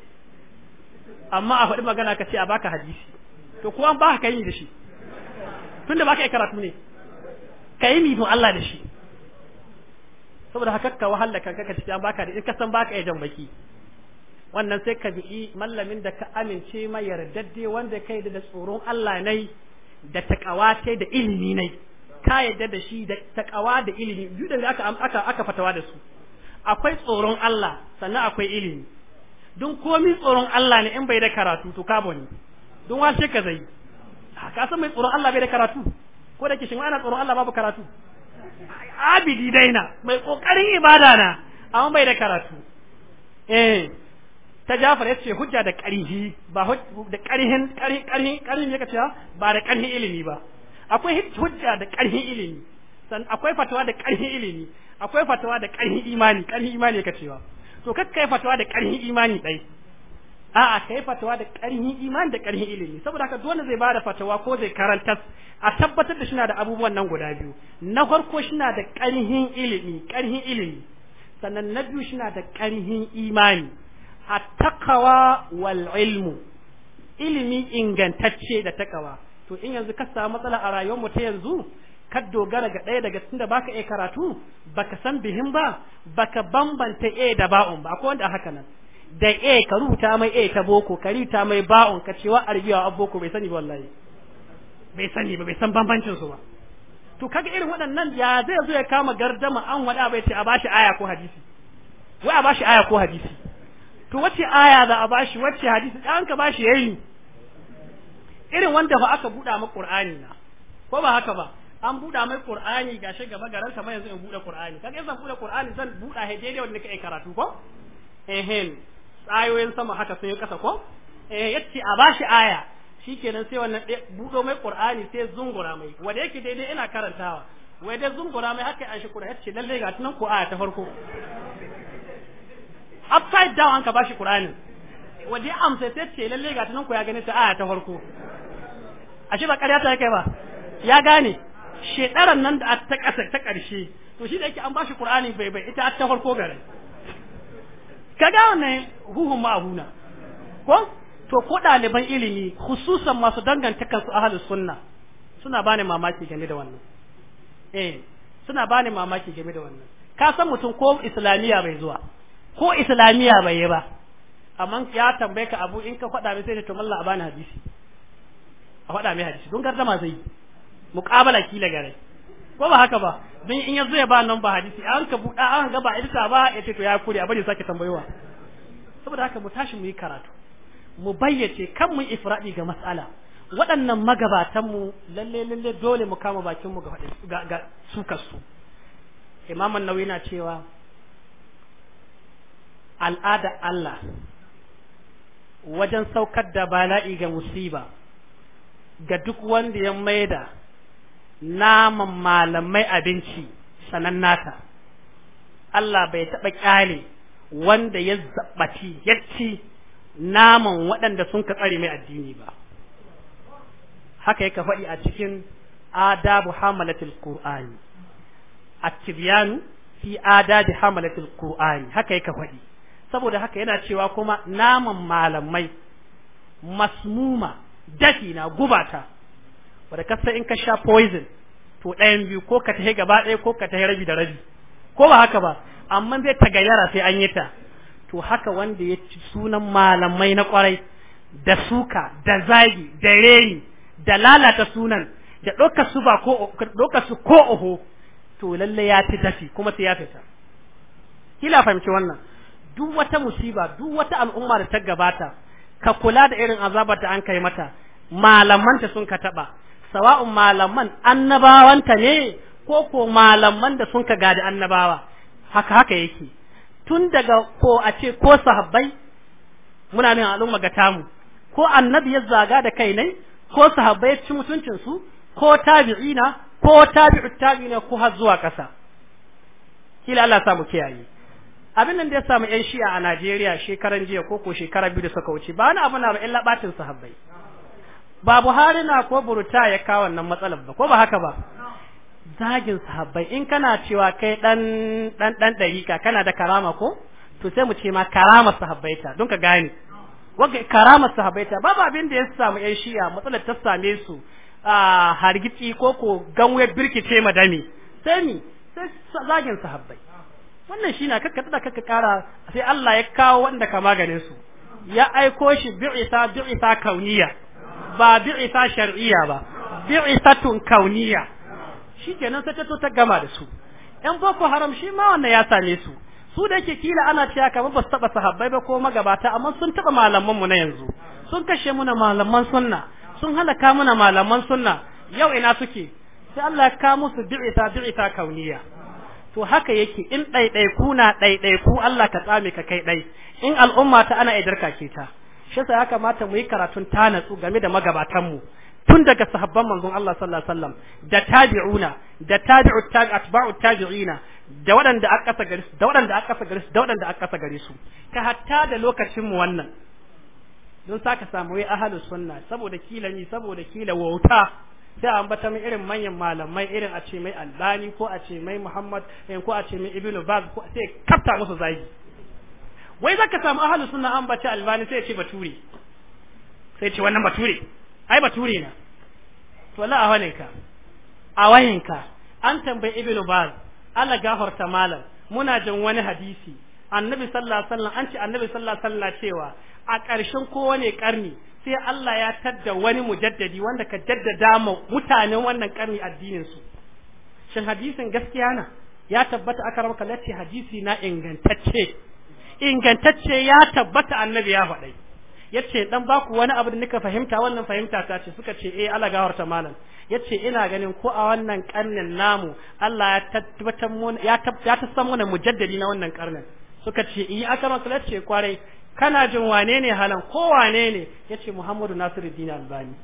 S1: amma a faɗi magana ka ce a baka hadisi to kuwa an ka yi da shi tun da baka yi karatu ne ka yi don Allah da shi saboda haka ka wahala kanka ka ce an baka da in ka san baka yi jambaki wannan sai ka bi mallamin da ka amince mai yardadde wanda kai da tsoron Allah nai da takawa da ilimi nai ka yadda da shi da takawa da ilimi biyu da aka aka aka fatawa da su akwai tsoron Allah sannan akwai ilimi don komi tsoron Allah ne in bai da karatu to kabo ne don washe ka zai ah, ka san mai tsoron Allah bai da karatu ko da kishin ana tsoron Allah babu karatu abidi daina mai kokarin ibada na amma bai da karatu eh ta Jafar ya ce hujja da ƙarhi ba da ƙarhin ƙarhin ƙarhin ya ce ba da ƙarhin ilimi ba akwai hujja da ƙarfin ilimi san akwai fatawa da ƙarfin ilimi akwai fatawa da ƙarfin imani ƙarfin imani ka cewa to kai kai fatawa da ƙarfin imani dai a kai fatawa da ƙarfin imani da ƙarfin ilimi saboda haka dole zai bada fatawa ko zai karanta a tabbatar da shina da abubuwan nan guda biyu na farko shina da ƙarfin ilimi ƙarfin ilimi sannan na biyu shina da ƙarfin imani at-taqwa wal ilmu ilimi ingantacce da takawa to in yanzu ka samu matsala a rayuwar mu ta yanzu ka dogara ga ɗaya daga cikin da baka iya karatu baka san bihin ba baka bambanta a da ba'un ba akwai wanda haka nan da a ka rubuta mai a ta boko ka rubuta mai ba'un ka cewa arbiya wa boko bai sani wallahi bai sani ba bai san bambancin su ba to kaga irin waɗannan ya zai zo ya kama gardama an wada bai ce a bashi aya ko hadisi wai a bashi aya ko hadisi to wace aya za a bashi wace hadisi an ka bashi yayi irin wanda ba aka buɗa ma Qur'ani na ko ba haka ba an buɗa mai Qur'ani gashi gaba garan mai yanzu in buɗe Qur'ani kaga zan buɗe Qur'ani zan buɗa he daidai wanda kai karatu ko ehem ayoyin sama haka sai kasa ko eh yace a bashi aya shikenan sai wannan buɗo mai Qur'ani sai zungura mai wanda yake daidai ina karantawa wai dai zungura mai haka an shi yace lalle ga tunan ko aya ta farko upside down an ka bashi Qur'ani wanda ya amsa ta ce lalle ga tunan ku ya gane ta aya ta farko ashe ba ƙarya ta kai ba ya gane shedaran nan da ta ƙasa ta ƙarshe to shi da yake an bashi qur'ani bai bai ita ta farko gare kaga wannan huhun abuna ko to ko ɗaliban ilimi khususan masu danganta kansu ahlus sunna suna bani mamaki game da wannan eh suna bani mamaki game da wannan ka san mutum ko islamiya bai zuwa ko islamiya bai yi ba amma ya tambaye ka abu in ka faɗa mai sai to mallan a bani hadisi a faɗa mai hadisi don karta ma sai muqabala kila gare ko ba haka ba don in yanzu ya ba nan ba hadisi an ka buɗa an ga ba idisa ba ya ce to ya kure a bari sake tambayowa saboda haka mu tashi mu yi karatu mu bayyace kan mu ifradi ga mas'ala waɗannan magabatan mu lalle lalle dole mu kama bakin mu ga ga sukar su imam an-nawawi na cewa al'ada Allah wajen saukar da bala'i ga musiba ga duk wanda ya maida naman malamai abinci sanan nata Allah bai taɓa ƙyale wanda ya zaɓaci ya ci naman waɗanda sun ka tsare mai addini ba haka yake faɗi a cikin adabu hamalatul qur'ani at tibyan fi adabi hamalatul qur'ani haka yake faɗi saboda haka yana cewa kuma naman malamai masmuma dafi na gubata wadda kasa in ka sha poison to ɗayan biyu ko ka tahi gaba ɗaya ko ka tahi rabi da rabi ko ba haka ba amma zai ta gayyara sai an yi ta to haka wanda ya ci sunan malamai na kwarai da suka da zagi da reni da lalata sunan da ɗauka su ba ko su ko oho to lallai ya ci dafi kuma sai ya fita kila fahimci wannan duk wata musiba duk wata al'umma da ta gabata ka kula da irin azabar da an kai mata malamanta sun ka taba sawa'un malaman ta ne ko ko malaman da sun ka gadi annabawa haka haka yake tun daga ko a ce ko sahabbai muna nan al'umma ga tamu ko annabi ya zaga da kai ne ko sahabbai ci mutuncin su ko tabi'ina ko tabi'ut tabi'ina ko har zuwa ƙasa kila Allah sa mu kiyaye abin nan da ya samu yan shi'a a Najeriya shekaran jiya ko ko shekara biyu da suka wuce ba wani abu na ba illa batin sahabbai ba Buhari na ko Buruta ya kawo wannan matsalar ba ko ba haka ba zagin sahabbai in kana cewa kai dan dan dan dariƙa kana da karama ko to sai mu ce ma karama ta don ka gane wanda karama ta babu abin da ya samu yan shi'a matsalar ta same su a hargitsi ko ko ganwe birkice madami sai ni sai zagin sahabbai wannan shi na kakka tada kakka kara sai Allah ya kawo wanda ka maganin su ya aiko shi bi'isa bi'isa kauniya ba bi'isa shar'iyya
S2: ba
S1: tun kauniya shikenan sai ta to ta gama da su yan boko haram shi ma wannan ya same su su da yake kila ana cewa kamar ba su taba sahabbai ba ko magabata amma sun taba malamanmu na yanzu sun kashe muna malaman sunna sun halaka muna malaman sunna yau ina suke sai Allah ya kawo musu bi'isa bi'isa kauniya to haka yake in ɗaiɗaiku na ɗaiɗaiku Allah ka tsame ka kai ɗai in al'umma ta ana idarka ke ta shi ya kamata mu yi karatun ta tanatsu game da magabatanmu tun daga sahabban manzon Allah sallallahu alaihi wasallam da tabi'una da tabi'u atba'u tabi'ina da waɗanda aka kasa gare su da waɗanda aka kasa gare su da waɗanda aka kasa gare su ka hatta da lokacin mu wannan don saka samu wai ahlus sunna saboda kila ni saboda kila wauta sai an bata mai irin manyan malamai irin a ce mai albani ko a ce mai muhammad eh, ko a ce mai ibnu baz ko sai kafta musu zagi wai zaka samu ahlus sunna an bace albani sai ce bature sai ce wannan bature ai bature na to la a ka. a ka. an tambayi ibnu baz Allah gafarta malam muna jin wani hadisi annabi sallallahu alaihi wasallam an ce annabi sallallahu alaihi wasallam cewa a ƙarshen kowane ƙarni sai Allah ya tadda wani mujaddadi wanda ka jaddada ma mutanen wannan karni addinin su shin hadisin gaskiya na ya tabbata aka rabaka lati hadisi na ingantacce ingantacce ya tabbata annabi ya faɗai yace dan baku wani abu da nika fahimta wannan fahimta ta ce suka ce eh Allah gawarta malam yace ina ganin ko a wannan karnin namu Allah ya tabbatar mu ya tabbatar mu mujaddadi na wannan karnin suka ce yi eh, aka rabaka ce kwarai kana jin wane ne halan ko wane ne ce Muhammadu Nasiru dina Albani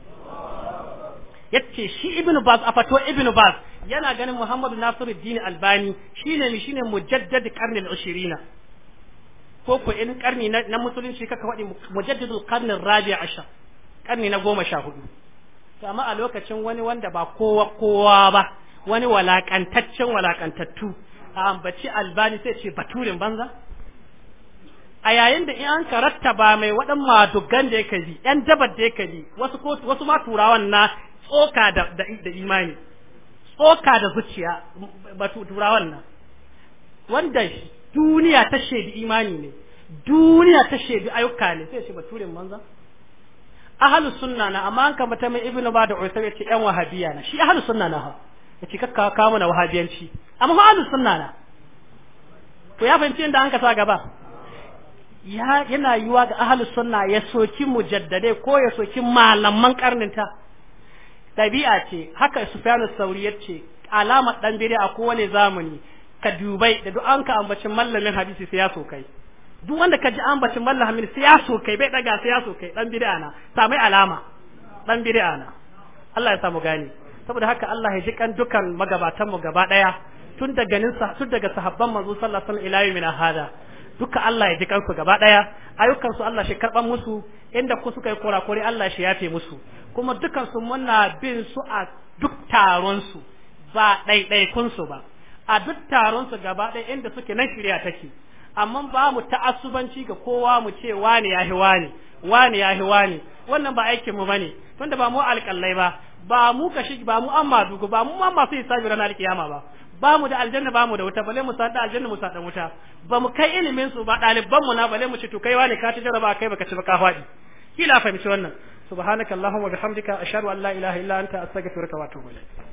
S1: Ya ce shi Ibn Baz a fato Ibn Baz yana ganin Muhammadu Nasiru dina Albani Shi ne mi shine mujaddad karnil 20 ko ko in karni na musulunci kaka wadi mujaddadul karni rabi' ashar karni na goma sha hudu amma a lokacin wani wanda ba kowa kowa ba wani walakantaccen walakantattu a ambaci albani sai ce baturin banza a yayin da in an karatta ba mai waɗan madugan da yake bi yan dabar da yake bi wasu ko wasu ma turawan na tsoka da da imani tsoka da zuciya ba turawan na wanda duniya ta shaidi imani ne duniya ta shaidi ayyuka ne sai shi baturin manza ahlus sunna na amma an kamata mai ibnu ba da usair yace yan wahabiya na shi ahlus sunna na ha yace kakka ka mana wahabiyanci amma ahlus sunna na ko ya fahimci inda an ka sa gaba ya yana yiwa ga ahlus sunna ya soki mujaddade ko ya soki malaman karninta ɗabi'a ce haka sufyanu sauri yace ce dan ɗan a kowane zamani ka dubai da duk an ka ambacin mallamin hadisi sai ya so kai duk wanda ka ji ambacin mallamin sai ya so kai bai daga sai ya so kai ɗan bid'a na samai alama Dan bid'a na Allah ya samu gani saboda haka Allah ya ji kan dukan magabatan mu gaba daya tun daga sa tun daga sahabban manzo sallallahu alaihi sallam ila yumin hada duka Allah ya ji kansu gaba ɗaya, ayyukansu Allah shi karban musu inda ku suka yi kora-kori Allah shi yafe musu kuma dukan su muna bin su a duk taron su ba ɗaiɗaikun su ba a duk taron su gaba ɗaya inda suke nan shirya take amma ba mu ta'assubanci ga kowa mu ce wani yahi wani wani yahi wani wannan ba aikin mu bane tunda ba mu alƙallai ba ba mu kashi ba mu amma dugu ba mu amma sai sabi ranar kiyama ba ba mu da aljanna ba mu da wuta bale mu sa da aljanna mu sa da wuta ba mu kai ilimin su ba ɗaliban mu na bale mu ci to kai wani ka ta jaraba kai baka ci ba ka faɗi kila fahimci wannan subhanakallahumma bihamdika ashhadu an la ilaha illa anta astaghfiruka wa atubu